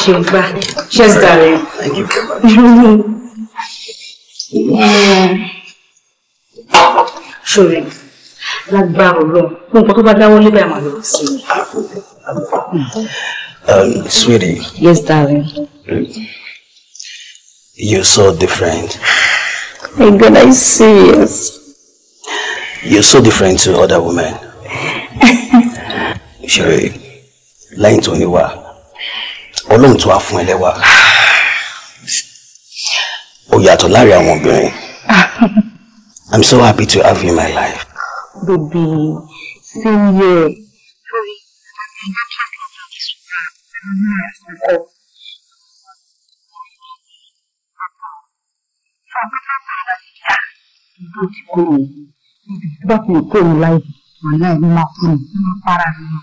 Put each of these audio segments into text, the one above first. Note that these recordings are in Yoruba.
Sheba. Cheers, darling. Thank you very much. Ṣòrí, lágbára tó bá dáwọ́ lébẹ̀ àmà lọ sí mi. Um, sweetie. Yes, darling. You're so different. My God, I see serious? You're so different to other women. Sherry, lying to ní wá ọlọ́run tó wá fún ẹlẹ́wà ó yàtọ̀ láàrin àwọn obìnrin ah. i'm so happy to have you in my life. baby same here. bá kò kó mi láì wà láì ní máa fún mi.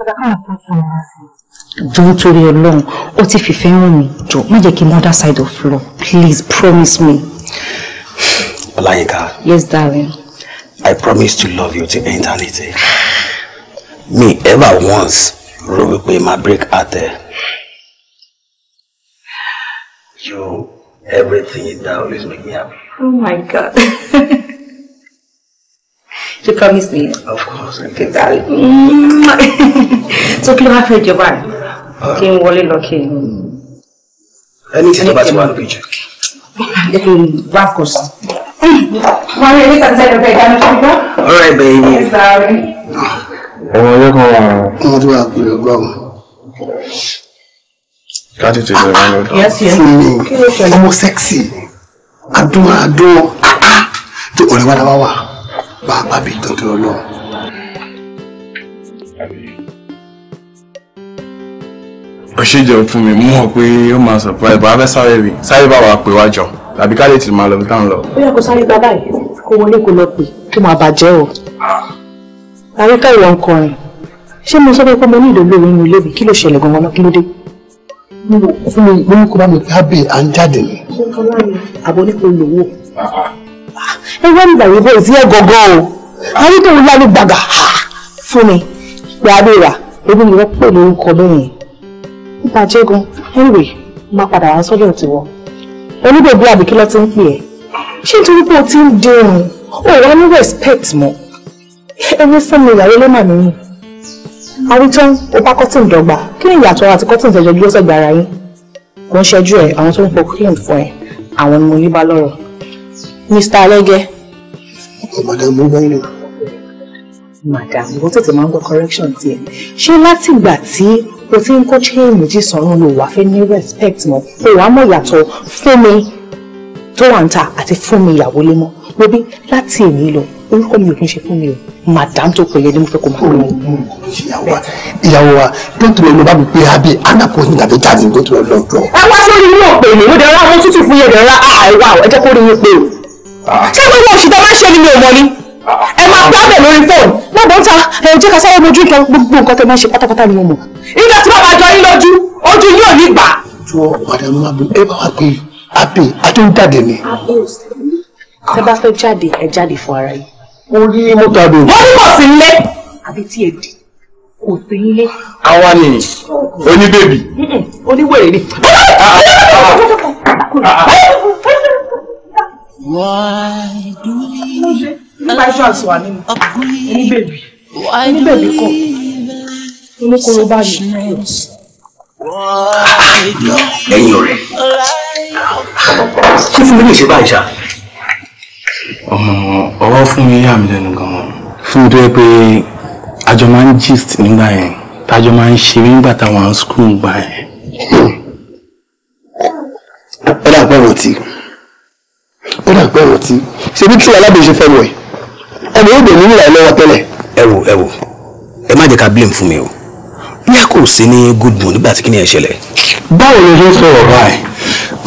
ọ̀dà kan àpótí mi lọ sí i. Don't worry, alone. What if you fail me? Joe, má jẹ́ kí n side of law please promise me. Olayinka. Yes, darling. I promise to love you to eternity. Me ever once Ruby, wípé máa break heart there. You everything you that is making me happy. Oh my God. You promise me? Of course. Okay, darling. Mm-hmm. so, please ló wá fẹ́ jọba? kí n wọlé lọ kí n. Hmm. ẹni tí tọ́ba ti wà lókè jù. wá kò sí. wọ́n rí ẹni tàbí sẹ́yìn ọ̀fẹ́ ìdáná tó ń bọ́. ọ̀rọ̀ ẹ̀bẹ̀ yìí ni. ọmọ ọjọ́ kan wà. wọ́n ti wà pẹ̀lú ọgbọ́n. káàdì tó ṣe wọn lọ́dọ̀. fún mi ọmọ sẹ́ksì adúmọ̀ adúmọ̀ tó ọ̀rẹ́ wa la wà bá a bá bí tuntun ọ̀ṣẹ́jọ fún mi mú ọ pé ó máa surprise bàbá fẹ́ sáré rí sáré bá wa pè wá jọ àbí ká lè tì máa lọ bí káwọn lọ. bóyá kò sáré bàbá yìí kó wọlé kó lọ pè kó máa bàjẹ́ o. Ah. àríkà ìwà ń kọrin ṣé mo sọ pé pé mo ní ìdòwú òun nílé mi kí ló ṣẹlẹ̀ gan-an náà kí ló dé. fún mi mo ní kó bá mi tábì à ń jáde ni. àbọ̀ ní kò lówó. Ah, ah. ẹ wá nígbà yìí bóyá sí ẹ gọ́gọ́ o àríkà òun lálùgbàgà fún mi pé abẹ́rà ebi mi wọ́n bàjẹ́ gan anyway máa padà wá sọ́dọ̀ tiwọ oníbèbí àbíkí ló ti ń pè ẹ́ ṣé nítorí pé o ti ń dirun o wá ní respect mọ́ ẹni fún mi ìyàwó ló mà mí rìn àwítán o bá cotton dọ́gba kí ni ìyàtọ̀ àti cotton tẹ̀jọ gbé sẹ́gbẹ̀ ara yín kò ń ṣẹ́jú ẹ̀ àwọn tó ń po cream fún ẹ àwọn ni mo ní bá lọ́rọ̀ Mr. Alege. ọ̀pọ̀ ìbàdàn mú bẹ́ẹ̀ ni madam ìwọ tètè máa ń gbọ́ correction tiẹ̀ ṣé látìgbà tí o ti ń kọ́ chain jísọ̀run ló wà fẹ́ ní respect mọ́ o wàá mọ̀ yàtọ̀ fún mi tó wà ń ta àti fún mi ìyàwó lé mọ́ lóbi láti èmi lọ orúkọ mi ò kí ń ṣe fún mi o madam tó pè yẹ ni mo fẹ́ kó máa pè mí. ìyàwó wa ìyàwó wa tó ń tún lọ bá mi pé abẹ anapo ní tàbí jáde tó tún lọ lọ jọ. ẹ wá sórí inú òpè mi ó dẹrọ àwọn tútù fún yẹn dẹrọ àìwá ah, ẹ jẹ kó rí yín pé o. Ah. ṣé gbogbo òṣìṣẹ́ máa ń ṣe ni mi ò mọ ni gbàgbé lórí fóònù lọ́gbọ̀n ta ẹ̀rọ jẹ́ ká sáré mojú nǹkan gbogbo nǹkan tẹ́ máa ń ṣe pátápátá ni mo mọ̀. ìgbà tí bàbá jọ yín lójú ojú yóò ní gbà. jọ padà máa bẹ ẹ bá wa pé àpè àtúntàdé ni. tẹ bá fẹ́ jáde ẹ jáde fún ara yìí. mo rí mọ́tò àbẹ̀. wọ́n ní kò sí nílé. àbí tí ẹ dì kò sí nílé. àwa ni oníbèbí. oníwèrè ni. Ah, ah, ah. Why do you? nípa iṣu àti wà nínú ẹni bèbí ẹni bèbí kọ olókòrò bá yìí náírà. lẹ́yìn ọ̀rẹ́ ṣé fún mi lè ṣe báyìí ṣá. ọmọ ọwọ́ fún mi yà mí lẹ́nu gan-an fún mi tó yẹ pé àjọ máa ń gist nígbà yẹn tájọ máa ń ṣeré nígbà táwọn à ń skul gbà yẹn. ó dà pé ọ̀rọ̀ ó dà pé ọ̀rọ̀ ṣe bí kí alábòóṣe fẹ́ lọ ẹ̀ ẹ̀rù ó dùn nílẹ̀ lọ́wọ́ tẹ́lẹ̀. ẹ̀rù ẹ̀rù ẹ má jẹ́ ká blame fún mi o bí a kò ní good mood nígbà tí kí ni ẹ ṣẹlẹ̀. báwo ló ṣe sọ̀rọ̀ báyìí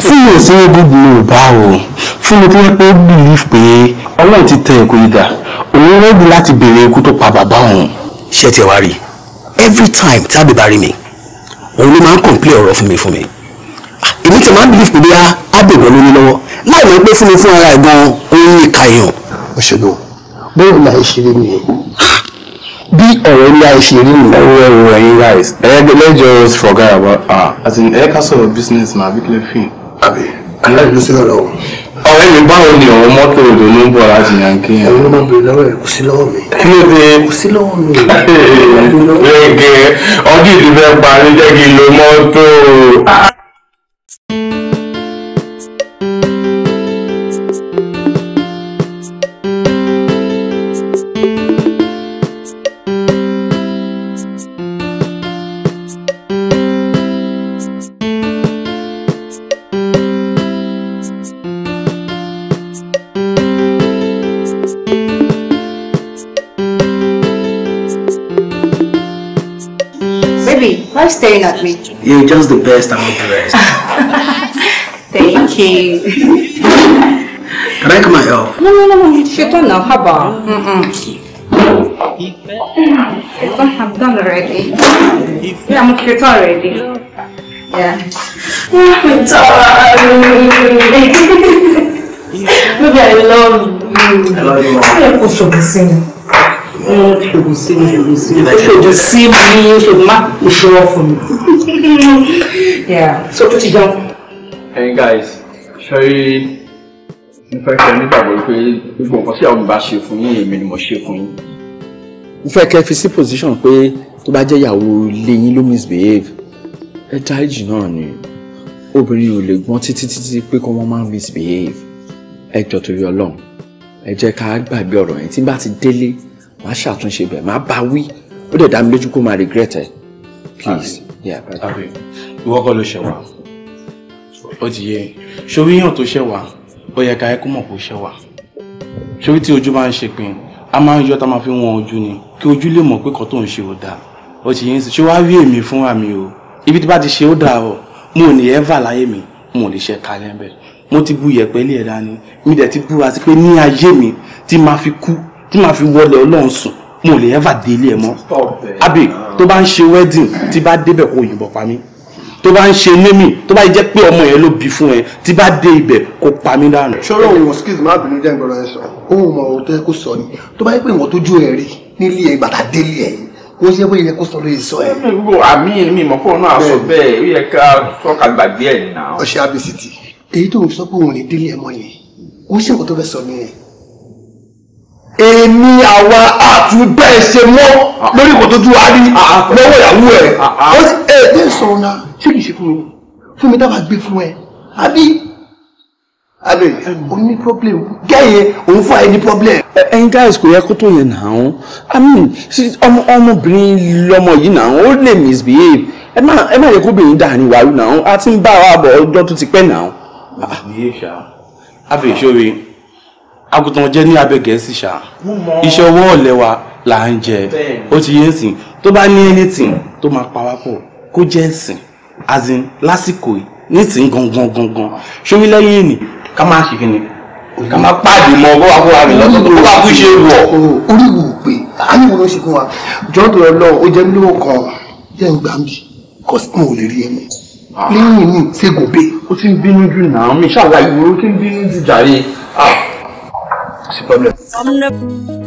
fún mi ò sí ní good mood báwo fún mi tó yẹ pé believe pé ọlọ́run ti tẹ ẹ̀kọ́ yìí dà òun rẹ́dí láti béèrè ikú tó pa bàbá òun. ṣé tiẹ̀ wá rí every time tábì bá rí mi òun ló máa ń kọ̀ǹplé ọ̀rọ̀ fún mi fún mi ah, èmi tẹ̀ máa ń believe pé bí a á bèbọ̀ lóní lọ́wọ́ láì mọ̀ pé fún mi fún ara ẹ̀ gan-an ó ní ìka èèyàn. òṣèlú bẹ́ẹ̀ ni àìṣeré mi bí ọ̀rọ̀ ní àìṣeré mi. ẹ wúwo ẹ wúwo ẹyin guys ẹ let's just forget about ah as in ẹ ká sọ̀rọ̀ business na bí kílẹ̀ fi. àbí aláìlú sí ọ̀rọ̀ o. ọ̀rẹ́ mi báwo ni ọ̀rọ̀ mọ́tò òdò ló ń bọ̀ láti yankí yẹn. ẹ̀yin ló máa bèrè lọ́wọ́ ẹ̀ kò sí lọ́wọ́ mi. kí ló dé. kò sí lọ́wọ́ mi. gbẹ̀gẹ̀ ọdún ìdìbò ẹ̀ parí jẹ́ kí n lo mọ́tò. staring at me. You're just the best among the rest. Thank you. Can I come and help? No, no, no, no. It's your turn now. How about? Mm -mm. It's what I've done already. Yeah, I'm cute already. Yeah. My darling. Maybe I love you. I love you. I love you. ṣògùn so tó ti jẹun. ẹyin guys sorry. mo fẹ́ kẹ́ nígbàgbọ́ pé to nǹkan tí àwọn ìbá ṣe fún yín èmi ni mo ṣe fún yín. mo fẹ́ position pé tó bá jẹ́ ìyàwó ilé yín ló misbehave ẹ dáríjì náà ni obìnrin ò lè gbọ́n títí títí pé kó wọ́n máa misbehave ẹ jọ torí ọlọ́run ẹ jẹ́ ká gbàgbé ọ̀rọ̀ yẹn tí n bá ti délé màá ṣàtúnṣe bẹ̀ màá bá wí ó dẹ̀ dá mi lójú kó máa regret ẹ̀ please. ìwọ kọ́ ló ṣẹ̀ wá ó ti yé ṣòwí yàn tó ṣẹ̀ wá ó yẹ ká ẹ kó mọ̀ kó ṣẹ̀ wá ṣòwí tí ojú máa ń ṣe pin a máa ń yọ tá a máa fi wọn ojú ni kí ojú lè mọ̀ pé kọ́ tó ń ṣe ò dáa ó ti yẹn ṣe wáá rí èmi fún àmì o ibi tí bá ti ṣe ó dáa o mo ò ní ẹ́fà láyé mi mo ò lè ṣe kalẹ̀ bẹ́ẹ̀ mo ti bu yẹ̀pẹ̀ lé ẹ̀ dání mi dẹ̀ ti búra sí pé ní ayé mi tí máa fi kú tí màá fi wọlé ọlọ́run sùn mo lè ẹ́fà délé ẹ mọ́ àbí tó bá ń ṣe wedding tí bá débẹ̀ kó yìnbọn pa mí tó bá ń ṣe némì tó bá jẹ́ pé ọmọ yẹn ló bí fún ẹ tí bá dé ibẹ̀ kó pa mí dànù. sọ́rọ̀ òun skills máa bínú jẹ́ ìgbọ́dọ̀ ẹ̀ sọ ohun ọmọ òun tó yẹ kó sọ ni tó bá yẹ pé ìwọ̀n tójú ẹ̀ rí nílé ẹ̀ bàtà délé ẹ̀ ó ṣe bóyá yẹ kó sọ lórí sọ ẹ̀. àmì mi mọ̀ fún ọ náà bẹ́ẹ̀ ó yẹ ká tọ́ka gbàgbé ẹ̀ nà. ọṣẹ abc èyí tó ń sọ pé òun ní délé ẹ̀ mọ́ yẹn ó ṣe nǹkan tó fẹ́ sọ nìyẹn èmi àwa àtúbẹ̀ ṣe mọ́ lórí ìkòtò tó wá rí ah, ah, lọ́wọ́ ìyàwó ẹ̀. Ah, ó sì ẹ ẹ sọ̀rọ̀ náà ṣé kìí ṣe fún mi fún mi dábàá gbé fún ẹ àbí àbí o ní problem gẹ́yẹ òun fún ẹ ní problem. ẹ̀yin guys kò yẹ kó tó yẹn náà ó i mean ọmọ ọmọbìnrin lọmọ yìí náà ó lè misbehave ẹ má ẹ má yẹ kó bìnrin dàrin wàrú náà a ti ń bá wa bọ̀ ọjọ́ tó ti pẹ́ náà. misbehave àbí ìṣòro àgùntàn jẹ́ ní abẹ́ gẹ̀ẹ́sì ṣá iṣẹ́ ọwọ́ ọ̀lẹ wa là ń jẹ ó ti yé sìn tó bá ní anything tó máa pa wá pọ̀ kó jẹ́ ẹ̀sìn as in lásìkò yìí nísìn gangan gangan ṣórí lẹ́yìn ìní ká máa ṣe kíni ká máa pàdé mọ bó wàá fúnra mi lọ́sọ̀ tó bá kú ṣe wọ̀. orí wò ó pé àyè wo ló ṣe fún wa jọ́n tó lọ lọ ó jẹ́ mílíọ̀nù kan yẹn gbà mí kọ́sìmù ò lè rí ẹni lẹ́yìn ìní ṣègùn bẹ́ẹ̀. ó ti ń bínú jù náà mi ṣàlàyé ó ti ń bínú jù jàre. Ah. Merci, Pablo.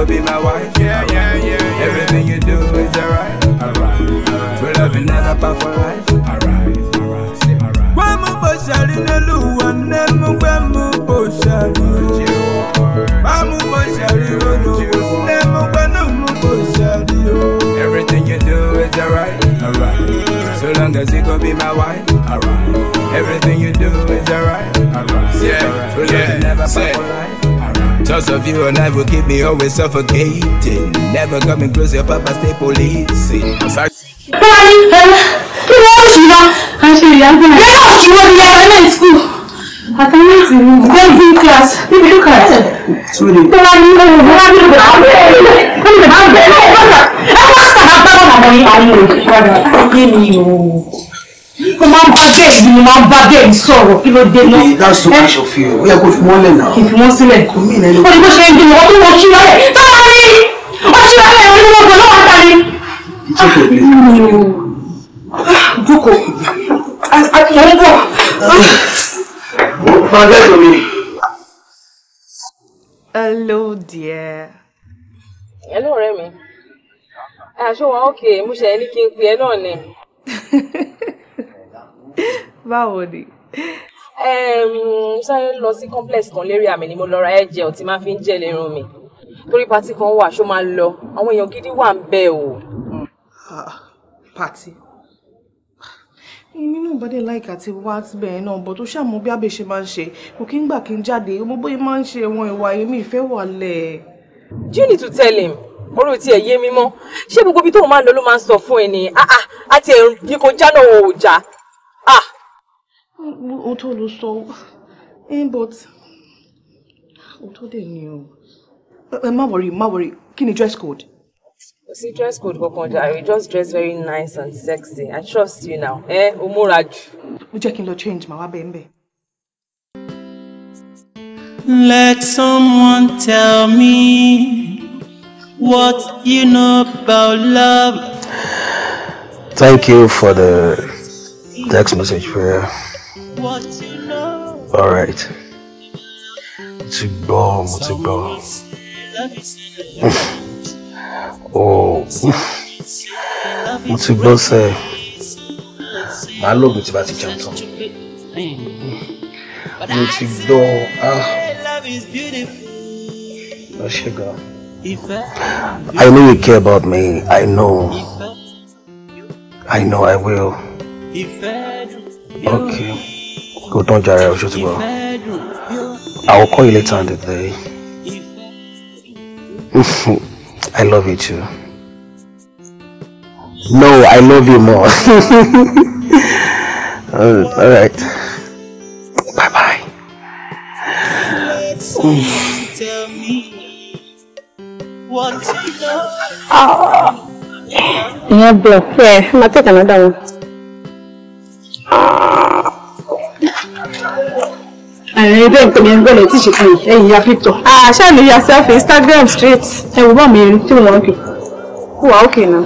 go be my wife. Yeah, yeah, yeah. yeah. Everything you do is alright. Alright. We're loving that up for life. Alright. alright, alright. Bọ́sàrí lọ́lùwà nẹ́mú gbẹ́mú bọ́sàrí. Bámu bọ́sàrí lọ́lùwà nẹ́mú gbẹ́mú bọ́sàrí. Everything you do is alright. Alright. So long as you go be my wife. Alright. Everything you do is alright. Alright. Yeah. yeah. Never yeah. Thoughts of you alive will keep me always suffocating. Never coming close, your papa stay policing. come on, kí ló ń ṣì lọ? A ṣe ìyàgbé. Yẹ́rọ ìwọ ni ẹ̀rọ náà school. Àtàwọn ètò ìlú. Golden class. Níbi ló kà sí. Sori. Bọ́lá ní ọ̀rọ̀ bọ́lá ní ọ̀rọ̀ àwọn ẹ̀rọ. Wọ́n lè máa bẹ̀rẹ̀ lọ́dọ̀. Ẹ wá sábà bá wọn àwọn ayé rẹ̀. Ọ̀rọ̀ ayé mi o. Mo máa ń bá bẹ́ẹ̀ mo máa ń bá bẹ́ẹ̀ sọ̀rọ̀ kí ló dé náà. that's too much of you ó yẹ kó fi wọ́n lẹ̀ náà. kì í fi wọ́n sílẹ̀. ó ní bó ṣe ń gbìyànjú ọdún wọn ṣúra ẹ̀ táwọn rí ọṣúra ẹ̀ onímọ̀ pẹ̀lú àwọn àtàlẹ́. jókòó ilé. jókòó àtìyàn ń bọ̀. máa bẹ́ẹ̀ lómi. hello dear. hello ọ̀rẹ́ mi àṣọ wa ókè mo ṣe ní kí n pè é náà ni. báwo ni. sáré lọ sí complex kan lérí àmì ni mo lọ ra ẹ̀jẹ̀ ọ̀tí máa fi ń jẹ́ lérun mi torí pati kan wà ṣó máa lọ àwọn èèyàn gidi wà ń bẹ o. Ah, pati nínú ìbádé láìka ti wá síbẹ̀ yẹn náà bọ̀ tó ṣàmú bí abẹ́ ṣe máa ń ṣe kò kí ń gbà kí n jáde mo bóyá máa ń ṣe wọn ìwà èmi ìfẹ́ wà lẹ̀. do you need to tell him ọ̀rọ̀ tiẹ̀ yé mi mọ́ ṣé gbogbo ibi tó máa ń lọ ló máa ń sọ fún ẹ ni ah, ah, àti ẹ̀rù yìí kò já náà ó tó ló sọ ẹ́ eh, but ó tó dẹ̀ ni o má worry má worry kí ni dress code. kò dress code kankan jà you just dress very nice and sexy I trust you now ẹ eh, o múra jù. ó jẹ́ kí n lọ change màá wá bẹ́ẹ̀ bẹ́ẹ̀. Let someone tell me what you know about love. Thank you for the text message, prayer. All right. Mo ti gbọ́, mo ti gbọ́. Oh, mo ti gbọ́ sẹ́. Màá lóògùn tí bá ti jẹun tán. Mo ti gbọ́. Ah. Lọ ṣe gan. I know you care about me. I know. I know I will. Okay. Go down, Jara, I'll show you I will call you later on the day. I love you too. No, I love you more. all right. Bye bye. Ah. Yeah, block. Yeah, I'm I'll take another one. Ah ẹ̀yin bẹ́ẹ̀ nǹkan mi ń gbọ́dọ̀ tí ṣe fún yìí ẹ̀yin ya picture. àṣà ni ya self Instagram straight. ẹ wò bá mi rí tí wọn kì kú wa ókè náà.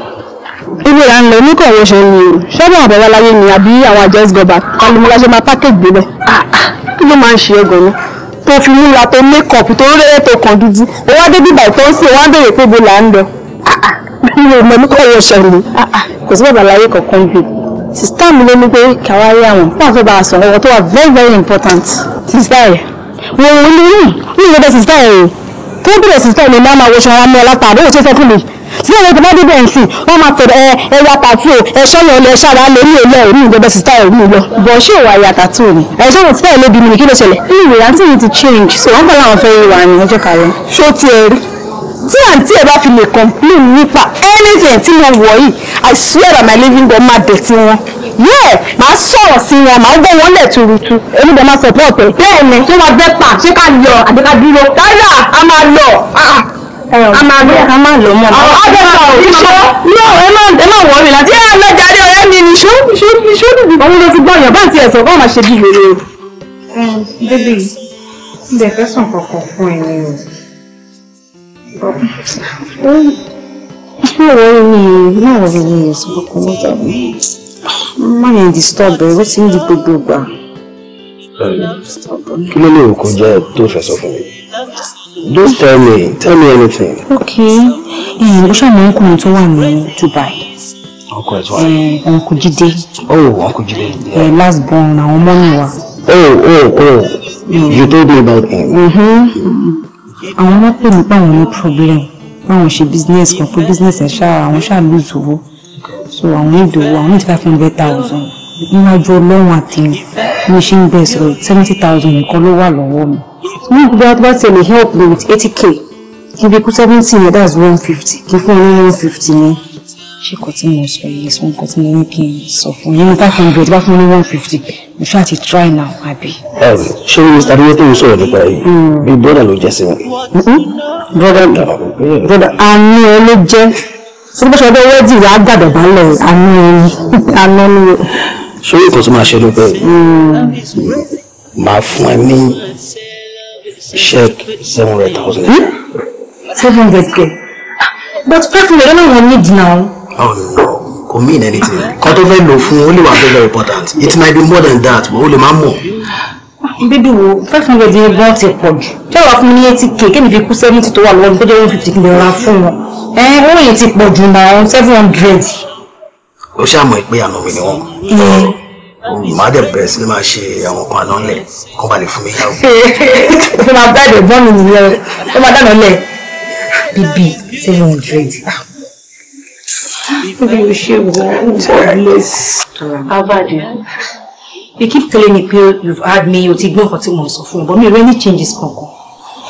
ibi ìlà ń lọ oníkọ̀wé ṣe ni o ṣọ́bà àbẹ̀wá láyé ni àbí àwọn àjọ sgọba kálùmọ́lá ṣe máa package gbé bẹ́ẹ̀. kí ló máa ń ṣe é gan-an tó fi múra tó mékọ̀pù tó rẹ́rẹ́ tó kàn dúdú ó wá dé bíbà tó ń sè wá ń béèrè pé bo là ń lọ. mi ò mọ oníkọ̀wé ṣe ni kò sí bàbá láyé kankan gbé sista mi ló ní pé káwá rí àwọn fún àfẹ́ bá a sọ̀rọ̀ ọ̀rọ̀ tó wà very very important sista rẹ̀ wọ́n wọ́n ní yìí ní ìrẹ́bẹ̀ sista rẹ̀ o tó bẹ̀rẹ̀ sista mi máa ma wọṣọ ara mi ọ̀láta àbẹ̀wò tó fẹ́ fún mi tí ẹ̀rọ tó bá débẹ̀ ń sìn wọ́n máa tẹ̀lé ẹ ẹ̀yà pàtó ẹ̀ṣọ́ lọ lọ ẹ̀ṣọ́ ara lè ní ilé òní ìjọba sista rẹ̀ ní lọ bọ̀ ṣé ìwà ẹ̀yà tàtó ni ẹ̀ṣọ́ mo ti fẹ́ lé bí mi kí ló ṣẹlẹ̀ ìwé àǹtí mi ti change so wọ́n kọ́ làwọn fẹ́ yí wa ni ọjọ́ kàlọ́ ṣó tiẹ̀ rí tí àǹtí ẹ bá fi lè complain nípa anything tí mo wọ̀ yìí i swear that my living god máa dẹ̀ tí wọn yẹ máa sọ̀rọ̀ sí wọn máa gbọ́ wọn lẹ̀ tuurutu èmi dẹ̀ máa support ẹ̀. bẹ́ẹ̀ni ṣé wọn bẹ pa ṣé ká lọ àbí ká dúró. rárá ah, ah. a máa lọ a máa lọ a máa lọ mọ. àwọn ọdẹ ma ò ní sọ. no ẹ má ẹ má wọrí láti ẹ lọ jáde ọ̀rẹ́ mi ni ṣó ṣó ṣó dùdù. òun ló ti gbọ́ yàn báyìí tiẹ̀ sọ báwọn máa ṣe bí wèrè o. bébì ń bẹ fẹ́ sàn kankan fún ẹ ni It's not worrying me. Not worrying me. It's not coming up. Money and disturb me. What's in the bag? Kí ló lè kó jẹ́ tó fẹ́ sọ fún mi? Don't tell me, tell me anything. Okay, ó eh, ṣàmì ọkùnrin tó wà ní Dubai. Ọkọ ẹ̀ tó wà ní. Ọkọ eh, Jídé. Oh, Ọkọ Jídé. Eh, last born àwọn ọmọ mi wà. Oh, oh, oh, you told me about him. Mm-hmm àwọn wá pè mí páwọn ní problem báwọn ṣe business kan pé business ẹ̀ ṣáà àwọn ṣáà lose owó so àwọn ìdòwò àwọn ìdílé fún hundred thousand níwájú ọlọ́run àtẹ̀yìn mo ṣe ń bẹ̀ sọ̀rọ̀ seventy thousand nìkan ló wà lọ́wọ́ mi. ní gbogbo àti bá tẹ̀lé help me with eighty k kí n fi kú seventy yẹn that's one fifty kí n fún ọ one fifty yẹn ṣé kò tí mo sọ yìí sọ nǹkan tí mo ní kí n sọ fún yín ní five hundred bá fún ọ one fifty mo ṣáà ti try now àbí. ṣé mr adéwé tó ń sọ̀rọ̀ nípa yìí bíi broda ló jẹ́ sí wọn. Mm-hmm. broda àánú ẹ ló jẹ́ tí bó ṣe ọdún wẹ́ẹ̀dì rẹ̀ á gbàdọ̀ bá lọ àánú ẹ ní àánú ni. ṣé ìkan tó máa ṣe ló pẹ́ máa hmm. fún ẹ ní check seven hundred thousand. Hmm? seven hundred k but five hundred ló náà wọ́n need now. Oh, kò mean anything kan tó fẹ́ lò fún ó lè wà very important it might be more than that but ó lè má mọ̀. bíbí wo five hundred yẹn gan ti pọ̀ jù ṣé wàá fún mi ní eighty k kémi fi kú seventy tó wà lọ́wọ́ mi tó jẹ́ one fifty kí n lè ra fún wọn ẹ owó yẹn ti pọ̀ jù náà seven hundred. ó ṣàmọ̀ pé àná mi ni wọ́n màá dẹ̀ bẹ̀rẹ̀ sí ni máa ṣe àwọn kan àná lẹ̀ kó ba lè fún mi yá o. ó máa bá ẹ̀dẹ̀ bọ́ mi nìyẹn ó máa dáná lẹ̀ bíbí seven hundred. Ah. Maybe you share God bless. How bad you? You keep telling me pé you've had me, o ti gbọ́ nǹkan tí mo sọ fún ẹ, but mi ò rí any changes kankan.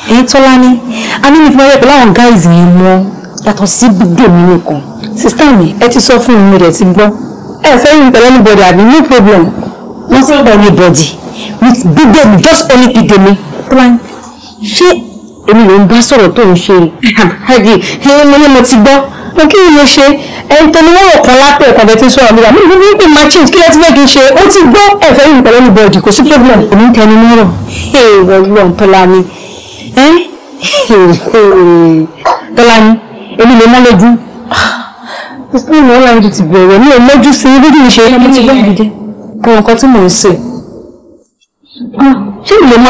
I mean if my mi fi máa yẹ pẹ̀lú àwọn that was mọ́, yàtọ̀ sí gbogbo mi nìkan. me, mi, is ti sọ fún mi rẹ̀ ti gbọ́. Ẹ fẹ́yìn tell anybody àbí no problem. Wọ́n ti gba anybody with gbogbo mi just only pide mi. Tọ́lání, she. I mean, I'm bá sọ̀rọ̀ tó ń ṣe? Àbájáde, ẹ mo ní mo ti gbọ́ mo kí ni mo ṣe ẹni tó ní wọ́n rọ̀ kan lápẹ̀ ẹ̀kọ́ bẹ́ẹ̀ tí ń sọ̀rọ̀ mi rà mí ní pé máa change kí lẹ́tí fẹ́ kí n ṣe ó ti gbọ́ ẹ̀fẹ́ yìí pẹ̀lú ní bọ́ọ̀dì kò sí problem kò ní tẹnu mọ́rọ̀ èèwọ̀ wọ̀ Tọ́lání Tọ́lání èmi lè mọ́ lójú ìpín ìmọ̀ ju ti bẹ̀rẹ̀ mi ò lójú sí ibi kí n ṣe ẹni tí wọ́n dìde kò nǹkan tí mò ń ṣe ah, ṣé mi lè bí mi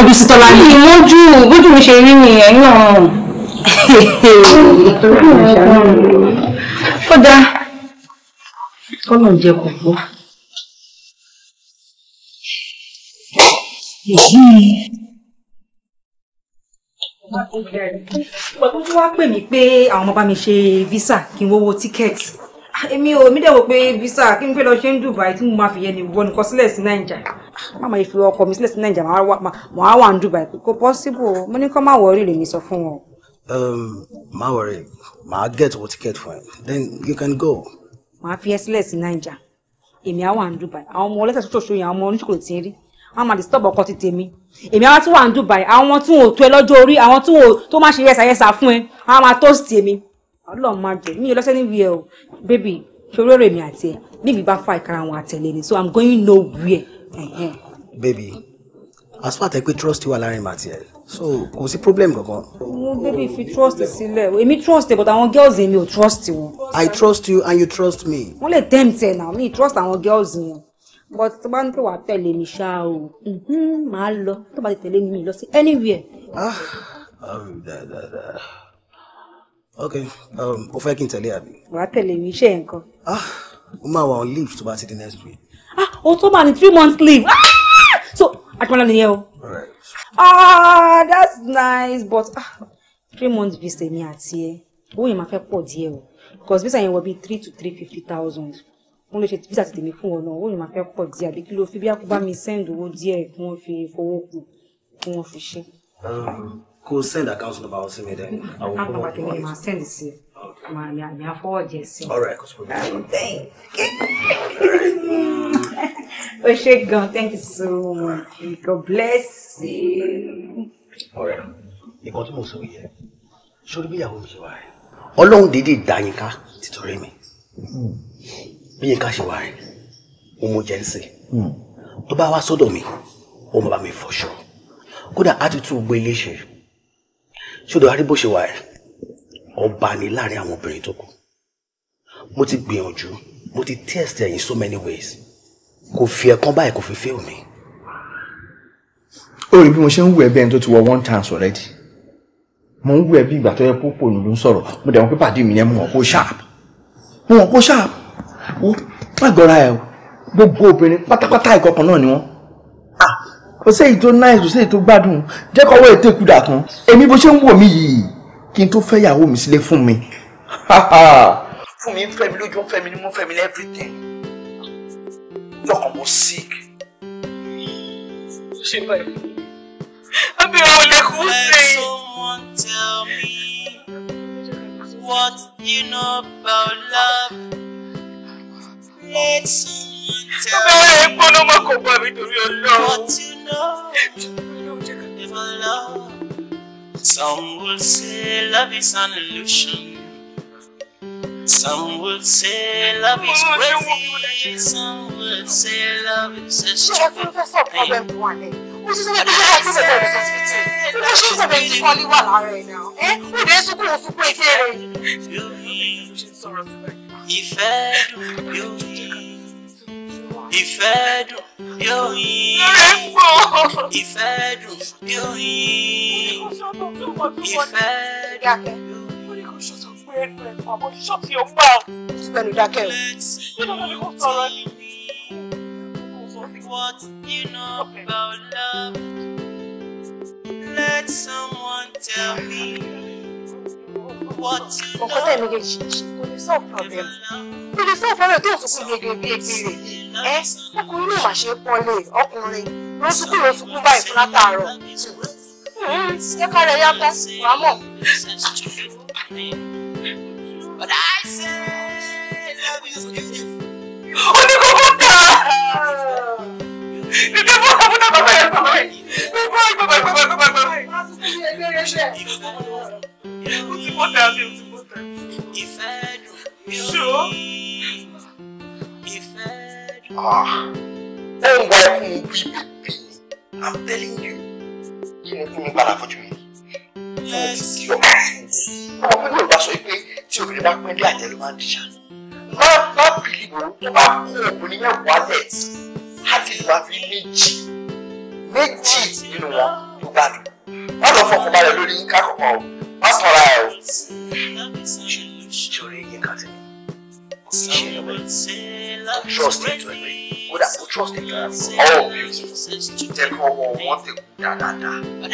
ò lójú bójú mi ṣe rí nìyẹn ó dáa kọ́nà jẹ kò gbọ́. èyí ó wá pè mí pé àwọn ọmọ bá mi ṣe visa kí n wọ́wọ́ tíkẹ́ẹ̀tì ah, èmi ò mí dẹ̀wò pé visa kí n fẹ́ lọ ṣe ń Dubai tí mo máa fi yẹ ni wọ nìkan sílẹ̀ sí Nàìjà màmá ìfi ọkọ mi sílẹ̀ sí Nàìjà màá wà ń Dubai kò possible mo ní kó má wọrí lèmi sọ fún wọn. Um, má wọrí màá get owó ticket for him. then you can go. màá fi ẹ sílẹ̀ sí naija èmi á wà Dubai àwọn ọmọ ọlẹ́sẹ̀ ṣoṣo yẹn àwọn ọmọ oníṣòkòrò ti ń rí wọn máa disturb ọkọ ti tèmi èmi àwọn tí wà ní Dubai àwọn tí wọn ò tó ẹ lọ́jọ́ orí àwọn tí wọn tó má ṣe yẹsàyẹsà fún ẹ àwọn máa toast èmi Ọlọ́run máa jẹ mi ò lọ́sẹ̀ níbi ẹ o baby ṣòro èrè mi àti ẹ níbi bá fa ìkara àwọn àtẹ̀lé ni so i'm going nowhere. baby as far as i pe trust you, láàrin màtí ẹ so kò sí problem kankan. wọn bẹbí fi trust sílẹ̀ èmi trust but àwọn girls èmi ò trust wọn. i trust you and you trust me. wọn lè tempt ẹ náà mi trust àwọn girls yẹn but tó bá ní pé wàá tẹ̀lé mi ṣá o mhm, màá lọ tó bá ti tẹ̀lé mi lọ sí anywhere. ah um, da, da, da. ok um, o fẹ́ kí n tẹ̀lé àbí. wàá tẹ̀lé mi iṣẹ́ yẹn ah mo máa wà on leave tó bá ti di next week. ah o tó bá ní three months leave. Ah! Atumala nìyẹn o. Ah, that's nice but ah, three months visa me àti ẹ owó yẹn máa fẹ́ pọ̀ díẹ̀ because visa yẹn wọ bíi three to three fifty thousand wọ́n lè visa ti tèmi fún No, who you yẹn máa fẹ́ pọ̀ díẹ̀ àbí kí ló a bí akóbá mi send owó díẹ̀ kí wọ́n fi fowó kù kí wọ́n fi ṣe. Mm-hmm kò send account number wọn sí mi then. Hmm. account number kìíní ni màá send sí ẹ màá yà yà fọwọ́ jẹ sí. o ṣe gan thank you so much god bless you. ọ̀rẹ́ nǹkan tí mo sọ yẹ sórí bí ìyàwó mi ṣe wà rẹ Ọlọ́run dídì dá yín ká tìtọrẹ mi hmm. bí yín ká ṣe wà rẹ mo mú jẹ ń sè tó bá wá sọ́dọ̀ mi ó máa bá mi fọṣọ kódà á gbé ilé ṣòdò àrí bó ṣe wà ẹ́ ọba ni láàrin àwọn obìnrin tó kù mo ti gbìyànjú mo ti test ẹ in so many ways kò fi ẹ̀kan báyìí kò fi fail mi. ó rí bí mo ṣe ń wù ẹ́ bẹ́ẹ̀ tó ti wọ one times already mo ń wù ẹ́ bí ìgbà tó yẹ púpọ̀ ló ń sọ̀rọ̀ mo dẹ̀ wọ́n pé pàdé mi yẹn mo wọ̀n kó sharp mo wọ̀n kó sharp wọ́n má gọ́ra ẹ̀ o gbogbo obìnrin pátápátá ìkọkàn náà ni wọ́n ah! kò sí èyí tó náà kò sí èyí tó gbádùn jẹ́ kọ́wọ́ ètò ìkúdà kan èmi bó ṣe ń wò mí yìí n tó fẹ́ ìyàwó mi sílé fún mi fún mi ń fẹ́ mi lójú ń fẹ́ mi ní mo ń fẹ́ mi ní everything lọ́kàn mo sick. ṣé báyìí àbí àwọn ọ̀dẹ́kùn ṣe. Tell me what you know about love. Let's tó bá wà gbóná mọ́ kò bá mi torí ọlọ́run. Some will say love is an illusion. Some will say love is crazy. Some will say love is a stupid thing. mo ti ìfẹ́ dùn yóò yí. ìfẹ́ dùn yóò yí. ìfẹ́ dùn. Shut your What you know about love? Let someone tell me nǹkan tẹ̀ méjèèjì kò lè solve problem kò lè solve problem tó yẹ sùkúrù gbègbè bí ebi rè ẹ ọkùnrin náà mà ṣe pọ́nlé ọkùnrin ló sùkúrù ló sùkúrù báyìí fún látàárọ̀ jẹ́ ká rẹ̀ yàtọ̀ wà mọ̀. ó ní kókó dáa ìdí mú àwọn náà bàbá yẹn bàbá yẹn bàbá yẹn bàbá yẹn bàbá yẹn o ti bọ́ dàbí o ti bọ́ dàbí. Ah, i'm telling you kí ni fún mi gbàdá fojú mi fún ah, mi ti kí ọmọ fún mi ọmọ pípé ìgbà sọ pé tí obìnrin bá pẹ́ dé àjẹ́ ló máa ń dìjà má má bìlìbò tó bá kú obìnrin yẹn wálẹ̀ láti lè wá fi méjì méjì nínú wọn tó gbádùn má lọ má sọ̀rọ̀ ẹ̀ o. ṣòro iye kan tẹ̀lé ṣe ẹ̀rọ ẹ̀ trust ètò ẹ̀rọ yìí kódà kó trust ètò ẹ̀rọ all beautiful jẹ́ kí ọwọ́ wọn tẹ̀ kú dáadáa mo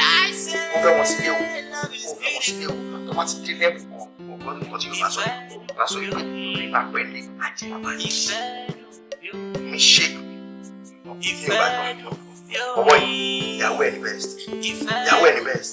fẹ́ wọn sí ilé o mo fẹ́ wọn sí ilé o tó bá ti dé lẹ́bù kan ọgbọ́n nǹkan tí yóò bá sọ yóò bá sọ yóò nípa pẹ̀lẹ́ ajẹ́ àbáyé mi ṣe ìfẹ́ yóò bá yọ̀ ọ́ ọmọ yìí ìyàwó ẹ̀ ní best ìyàwó ẹ̀ ní best.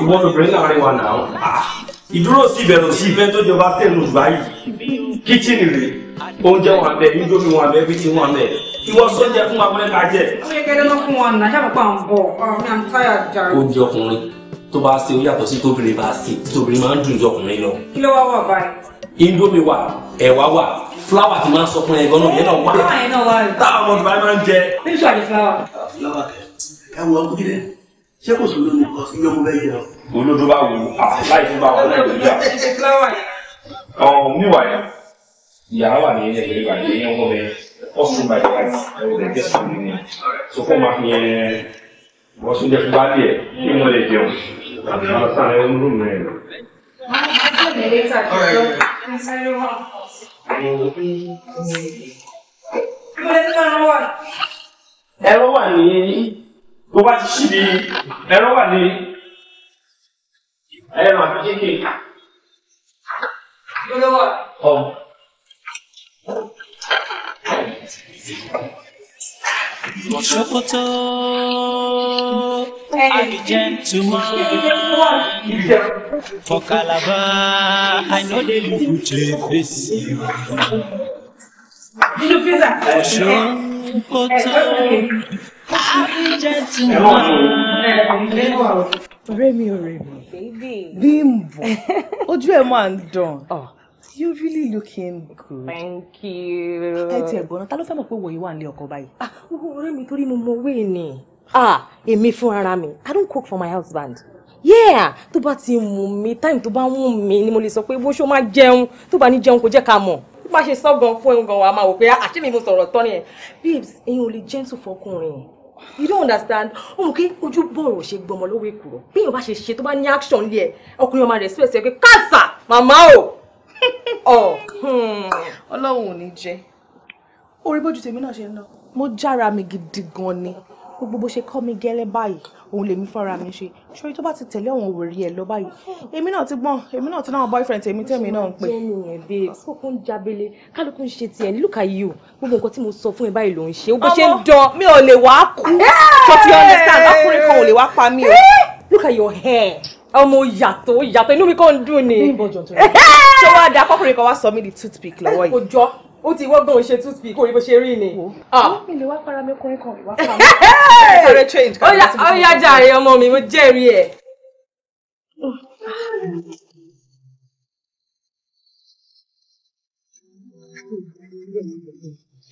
You want to ìwọ lóbìnrin láàrin wa náà ah, ìdúró sí ìbẹ̀rù sí ìfẹ́ tó jọba tẹ̀lú báyìí kíchìnì rè oúnjẹ wọn abẹ indomi wọn abẹ bíi ti wọn abẹ ìwọ sóúnjẹ fún wa fún ẹka jẹ. ó yẹ kẹ́lẹ́ mọ́ fún wọn nà ṣàpọ̀ pa àwọn bọ̀ ọ̀rọ̀ mi à ń ah, táyà jà. ó jẹ ọkùnrin tó bá ṣe ó yàtọ̀ sí tóbìnrin bá ṣe tóbìnrin máa ń dùn ju ọkùnrin lọ. kí ló wá wà báyìí. indomi wà ẹ̀wà wà fúláwà tí máa ń sọ fún ẹ gan-an yẹn náà wà. táwọn ọmọ ṣé kò sùn lónìí kọ sí ọmọ bẹ́ẹ̀ yẹn o. olódó bá wo àfúláì fún báwọn nàìjíríà ọ̀hún níwà yẹn yàrá wà ní ilé ìgbà yẹn yẹn wọ́n bẹ ọ̀sùn bàjẹ́ láti ẹ̀rọ rẹ̀ jẹ́ sùn nínú so fún ma fi yẹn wọ́n sún jẹ́ fún bá díẹ̀ kí wọ́n lè jẹun àti wọ́n sàn ẹ̀ ń rún mẹ́ ẹ̀rọ wà ní bó bá ti ṣì ní wà ní ẹ̀rọ àti kéèké. lọ́dọ̀ wà. ọ̀ ṣòkòtò I'm for Calabar. I know they look good your face. For ọ̀rẹ́ mi ọ̀rẹ́ mi Bímbọ́ ojú ẹ̀ máa ń dán oh. you really looking good. thank you. ẹ ti ẹ̀gbọ́n ta ló fẹ́ mọ̀ pé wọ̀nyí wà ní ọkọ báyìí. ah ọ̀rẹ́ mi torí mo mọ owó ni. ah èmi fún ara mi i don't cook for my husband. yeah tó bá ti mú mi time tó bá mú mi ni mo lè sọ pé bó ṣe máa jẹun tó bá ní jẹun kò jẹ́ ká mọ̀ má ṣe sọ́gbọ̀n fún ẹ̀hún gan wa máa wò pé àṣé ah, mi mo sọ̀rọ̀ tán ni ẹ̀. babes ẹ̀yin ò lè gentle fọkùnrin you don't understand o mọ̀ pé ojú bọ̀rọ̀ ṣe gbọmọ lọ́wọ́ èkùrọ́ bí èèyàn bá ṣe ṣe tó bá action lé ẹ ọkùnrin ọmọ rẹ̀ síbẹ̀ sí pé káàsà màmá o. Oh, hmm. ọlọ́run ò ní jẹ́ orí bójú tèmi náà ṣe ń lọ mo jára mi gidi gan ni gbogbo bó ṣe kọ́ mi gẹ́lẹ́ òun lèmi fara mi ṣe ṣọyí tó bá ti tẹ̀lé àwọn òwèrè ẹ̀ lọ báyìí èmi náà ti gbọ́n èmi náà ti náà boyfriend tèmi tèmi náà ń pè. jẹ́ni ẹ̀ bẹ́ẹ̀ kókó ń jábele kálukú ń ṣe tiẹ̀ nílùkà yìí o gbogbo nǹkan tí mo sọ fún ẹ báyìí ló ń ṣe ó ṣe ń dán mi ò lè wá kú tó understand ọkùnrin kan ò lè wá pa mí o look at your hair ọmọ yàtọ̀ yàtọ̀ inú mi kàn ń dùn ni. ṣé wàá da kọkùnrin kan wá sọ mí di toothpick lọ́wọ́ yìí ó ti wọ́gbọ́n ó ṣe toothpick kò rí bó ṣe rí ni. Ah. mi lè wá para mi kọrin kan ìwà para mi. ó yá jàre ọmọ mi mo jẹ́rìí ẹ̀.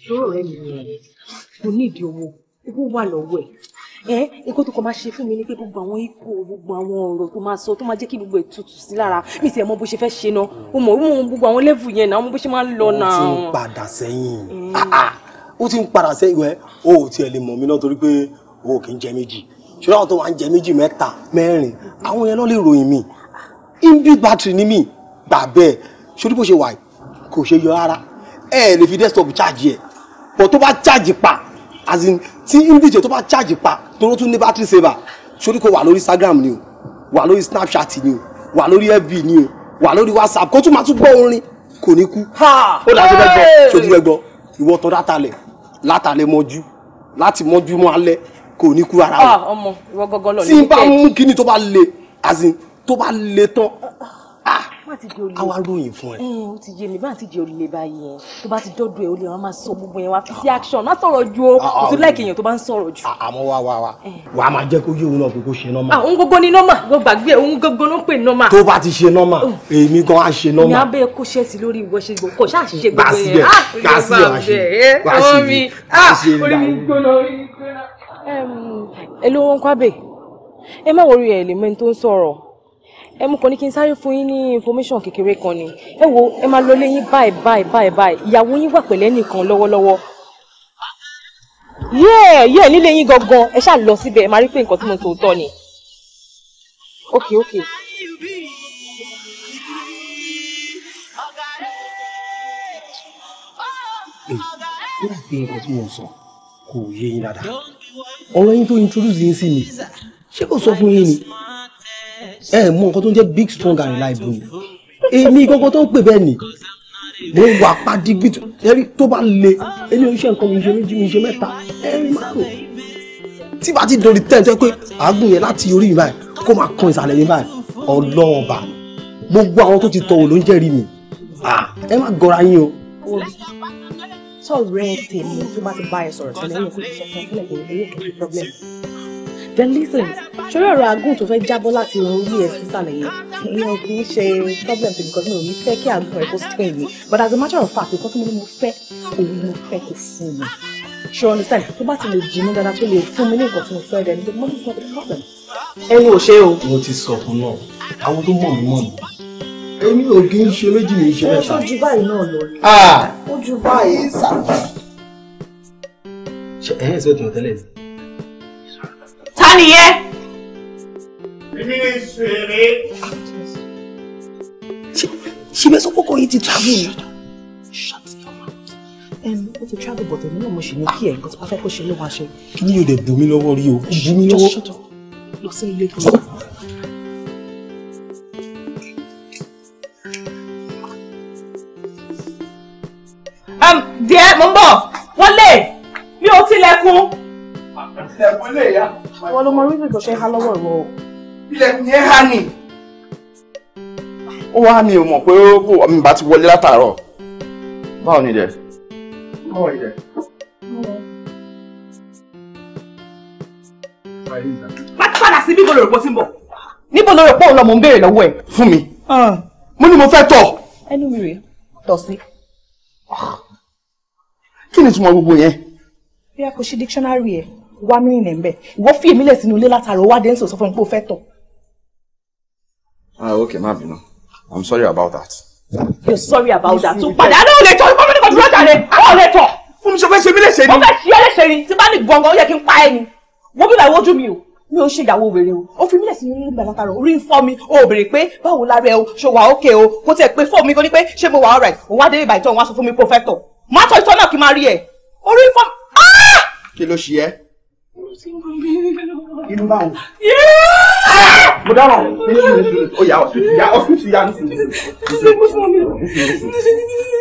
sọ̀rọ̀ rẹ̀ nìyẹn kò nídìí owó owó wà lọ́wọ́ ẹ̀ ẹ nǹkan tó kọ máa ṣe fún mi ni pé gbogbo àwọn ipò gbogbo àwọn ọ̀rọ̀ tó máa sọ tó máa jẹ́ kí gbogbo ẹ̀ tutù sí lára mi sì ẹ̀ mọ bó ṣe fẹ́ ṣe náà o mọ̀ mọ̀ gbogbo àwọn level yẹn náà mo bó ṣe máa ń lọ náà. ó ti ń padà sẹ́yìn ó ti ń padà sẹ́yìn ẹ ah, ah. o ò tiẹ̀ lè mọ̀ mí náà torí pé o kì í jẹ méjì ṣùgbọ́n àwọn tó wà ń jẹ méjì mẹ́ta mẹ́rin àwọn yẹn náà lè ròyìn mi inbuilt battery ni mi gbà bẹ́ẹ̀ ṣorí bó ṣe wà kò ṣe yọ rárá charge yẹ bọ̀ tó charge pa as in tí Invidj tó bá charge pa tó ló tún ní battery saver sórí kò wà lórí Instagram ni o wà lórí Snapchat ni o wà lórí FB ni o wà lórí WhatsApp kó tún máa tún gbọ́ orin kò ní kú ó dàtí fẹ́ gbọ́ sórí fẹ́ gbọ́ ìwọ tọ́ látàlẹ̀ látàlẹ̀ mọ́jú láti mọ́jú mọ́ alẹ́ kò ní kú ara rẹ̀ ah, tí n bá mú kíní tó bá le as in tó bá le tán àwa ròyìn fún ẹ. ó ti yé mi bá àti jẹ olè báyìí ẹ tó bá ti dọ́dọ̀ ẹ olè wọn máa sọ gbogbo yẹn wá fi sí ah. action má sọ̀rọ̀ ju o ah, ah, kò tún láìkè èèyàn tó bá ń sọ̀rọ̀ jù. àmọ́ wa wa wa wà á máa jẹ́ kó yé òun náà kókó ṣe nọ́mà. òun gbogbo ni nọ́mà gbogbo gbàgbé òun gbogbo ló ń pè nọ́mà. tó bá ti ṣe nọ́mà oh. èmi gan á ṣe nọ́mà. ìyá bẹ́ẹ̀ kó ṣẹ́ sí lórí ìwọ ṣe gbogbo kò ṣáà ṣe gbogbo yẹn. Eh, gbàsílẹ̀ gbàsílẹ̀ ẹ mú kàn ní kí n sáré fún yín ní information kékeré kan ni ẹ wo ẹ máa lọ lé báyìí báyìí báyìí báyìí ìyàwó yín wà pẹ̀lẹ́ nìkan lọ́wọ́lọ́wọ́ yẹ́ẹ̀ yẹ́ẹ̀ nílé yín gangan ẹ ṣáà lọ síbẹ̀ ẹ máa rí pé nǹkan tí mo tò tọ́ ni. ok ok. nígbà tí nǹkan tí mo sọ kò yé yín dáadáa ọ̀rọ̀ yín tó introduce yín sí mi ṣé kò sọ fún yín ni ẹ mọ nǹkan tó ń jẹ́ big strong and reliable èmi gangan tó ń pè bẹ́ẹ̀ ni mo wà pàdé gbìtò ẹrí tó bá le ẹni oníṣẹ́ nǹkan mi ṣe méjì mi ṣe mẹ́ta ẹ márùn tí bá ti dorí tẹ̀ tó yẹ pé àágùn yẹn láti orí mi báyìí kó máa kan ìsàlẹ̀ mi báyìí ọlọ́run ọba gbogbo àwọn tó ti tọ̀ wò ló ń jẹ́rìí mi ẹ má gọra yín o. sọ̀rọ̀ ẹ tèmi tó bá ti bá ẹ sọ̀rọ̀ tẹ́lẹ̀ yẹ kó ti sọ fún ẹ then listen ṣorí ọ̀rọ̀ àgùn tó fẹ́ jábọ́ láti irun orí ẹ̀ sísàlẹ̀ yẹn ìyẹn kì í ṣe problem to because mi ò ní fẹ́ kí àgùn rẹ̀ kó strain mi but as a matter of fact nǹkan tí mo ní mo fẹ́ òun mo fẹ́ kó fún mi ṣe ọ understand tó bá ti lè jí mi dáadáa tó lè fún mi ní nǹkan tí mo fẹ́ rẹ̀ nítorí money is not a problem. ẹ wo ṣe o. mo ti sọ fún náà àwọn tó mọ̀ mí mọ̀ mí èmi ò kí ń ṣe méjì mi ṣe mẹ́ta. ó ju báyìí náà lọ rí. ó ah! ju ta nìyẹn. èmi ni sèré. ṣe bẹ́ẹ̀ sọ kókó travel ni. shut your mouth. ó ti travel but èmi náà mo ṣì ní kí ẹ̀ nǹkan tí wọ́n fẹ́ kó ṣe ló wáá ṣe. kí ni yóò dé bu mi lọ́wọ́ rí o bu mi lọ́wọ́. lọ sí ilé kan. díẹ̀ mo ń bọ̀ wọ́n lè mi ò tilẹ̀kùn. àtẹ̀kùn wọ́n ló mọ orí nìkan ṣe ń há lọ́wọ́ ìwọ o. ilẹ̀kùn yẹn há ni. ó wá mi ò mọ̀ pé ó kò mi bá ti wọlé látàárọ̀ báwo ni dẹ̀. báwo ni dẹ̀. máa padà sí níbo lóòrùn pọ̀ sí ń bọ̀. níbo lóòrùn pọ̀ lọ́mọ ń béèrè lọ́wọ́ ẹ̀. fún mi ah. mo ní mo fẹ́ tọ̀. ẹnu mi rèé tọ̀ sí. Ah. kí ni ìtumọ̀ gbogbo yẹn. bí a kò ṣe dictionary ẹ̀ wá mírìnà ń bẹ̀ ìwọ fi èmi lẹ̀ sínú ilé látàrí owó adé ń sọ fún mi pé o fẹ́ tọ̀. ah okay má bínú i'm sorry about that. you're sorry about that tún padà àná ò lè tọ́ ìpamọ́ ní kọ́tù lọ́jà rẹ̀ àná ò lè tọ̀. fún mi sọ fẹ́ ṣe mí lẹ́sẹ̀ ni. mo fẹ́ ṣe ẹ́ lẹ́sẹ̀ ni tí bá ní gbọ̀ngàn ó yẹ kí n pa ẹ́ ni wọ́n bí báyìí wójú mi o mi ò ṣe ìyàwó wèrè o ó fi mílẹ̀ sí nínú ìgbà látara orí ń fọ́ mi ó pé báwo lára ẹ o ṣe wà ókè o kó tẹ̀ pé fọ́ mi kó ní pé ṣé mo wà ọ̀rẹ́ òun wá dé ìbàdàn òun wá sọ fún mi pòfẹ́tọ̀ má tọ́ ìtọ́ náà kí n máa rí ẹ orí ń fọ́ mi. Ah! kí ló ṣe ẹ́ irú báwo. mo dára o yà ọsùn yà ọsùn yà nísìnyí.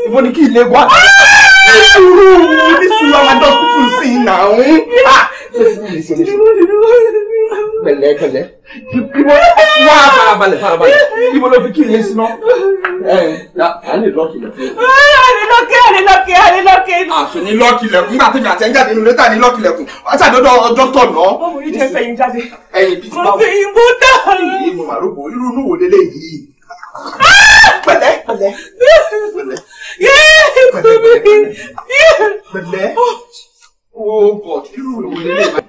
ibo ni kí ilé wà ní sùúrù ní sùúrù àwọn dọ́kítù sí i náà ń ha pẹ̀lẹ́ pẹ̀lẹ́ kíbo wá farabalẹ̀ farabalẹ̀ kíbo ló fi kí lè sinú ẹ à ń lè lọ́ọ̀kì lẹ́kùn. ànilọ́kì ànilọ́kì ànilọ́kì. àṣù ní lọ́ọ̀kì lẹ́kùn nígbà tó yàtẹ̀ ń jáde nínú létà ní lọ́ọ̀kì lẹ́kùn ọtí àdọ́dọ́ ọjọ́ tọ̀ nà. ọmọ mi jẹ fẹ̀yìn jáde. ẹyin bíi ti báwo. mo fi ìbú dà. ìbú màrúkú irú inú wo lélẹ́yìí pẹ̀lẹ́ pẹ̀lẹ́ pẹ̀lẹ́ pẹ̀lẹ́ pẹ̀lẹ́ oh God irú ìwé lè bá.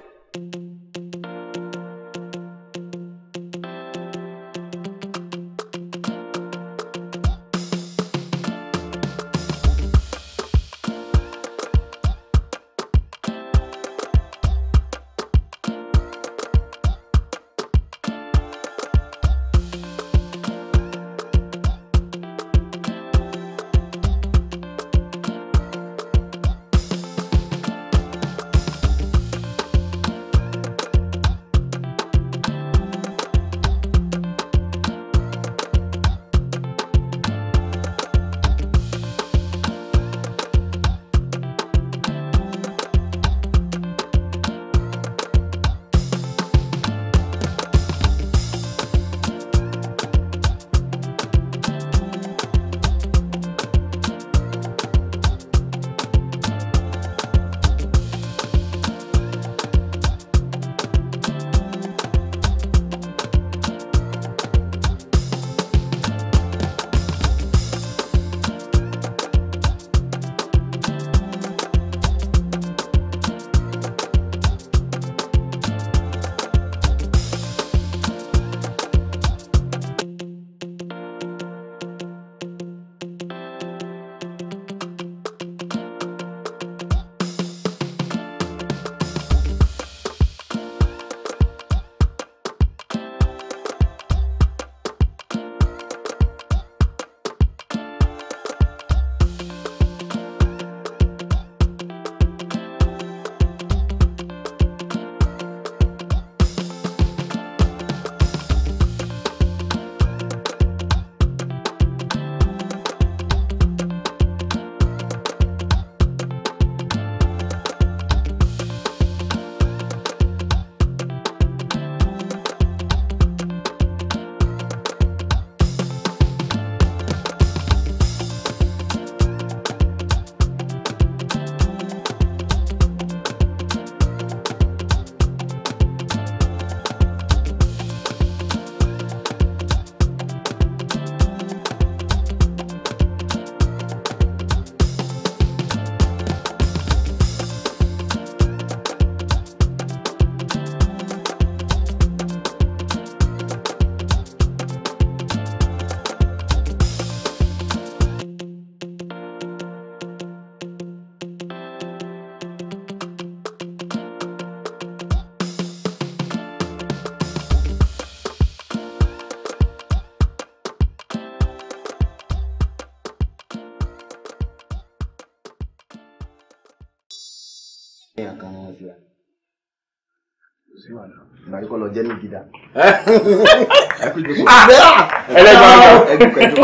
Ah!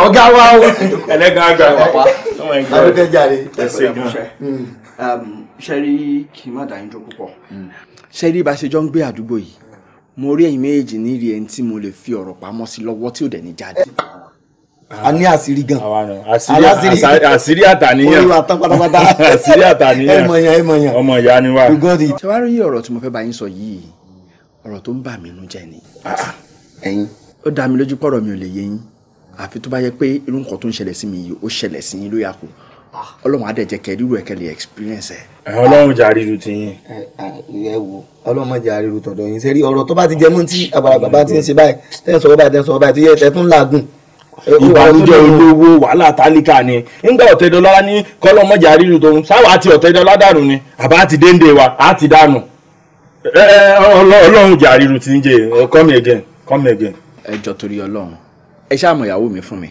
ọ̀gá wa o ẹlẹ́gàn àgbà wa abẹ́tẹ́jáde ẹ̀sìn kì í má dá yín púpọ̀. Hmm. ṣẹ́rí bá ṣe jọ ń gbé àdúgbò yìí mo rí ẹ̀yin méjèèjì nírìí ẹni tí mo lè fi ọ̀rọ̀ pamọ́ sí lọ́wọ́ tí ò dẹ̀ ní jáde ah. a ní àṣírí gan àṣírí àtàníyàn orí tán pátápátá àṣírí àtàníyàn ẹ mọ̀ yàn ẹ mọ̀ yàn ọmọ ìyá ni wa. ṣé wàá rí ọ̀rọ̀ tí mo fẹ́ bá yín sọ yìí ọ̀rọ̀ tó ń bà mí inú jẹ́ ni. Ah, ah, ẹ̀yin. ó dá mi lójú pọ̀rọ̀ mi ò lè yé yín àfi tó bá yẹ pé irú nǹkan tó ń ṣẹlẹ̀ sí mi yìí ó ṣẹlẹ̀ sí yín ló kù ah, ọlọ́run á dẹ̀ jẹ́ kẹ́ lè experience ẹ̀. ọlọ́run jà ríru ti yín. ẹ wo ọlọ́run jà ríru tọ̀dọ̀ yín sẹ́rí ọ̀rọ̀ tó bá ti jẹ mọ́ tí àgbàlagbà bá ti ń ṣe báyìí tẹ́ sọ̀rọ̀ báyìí tẹ́ sọ̀rọ̀ báyìí tó yẹ tẹ́ tún làágùn ìbànújẹ́ olówó wàhálà tálíkà ni ńgbà ọ̀tẹ̀dọ́lá ní kọ́lọ́mọ́jà ríru tòun sáwà àti ọ̀tẹ̀dọ́lá dànù ni àbá àti déńdé wa àá ti dànù. Eh, eh, ọlọ́run jà ríru ti ń jẹ eh, come again come again. ẹ jọ torí ọlọ́run ẹ ṣáà mọ ìyàwó mi fún mi.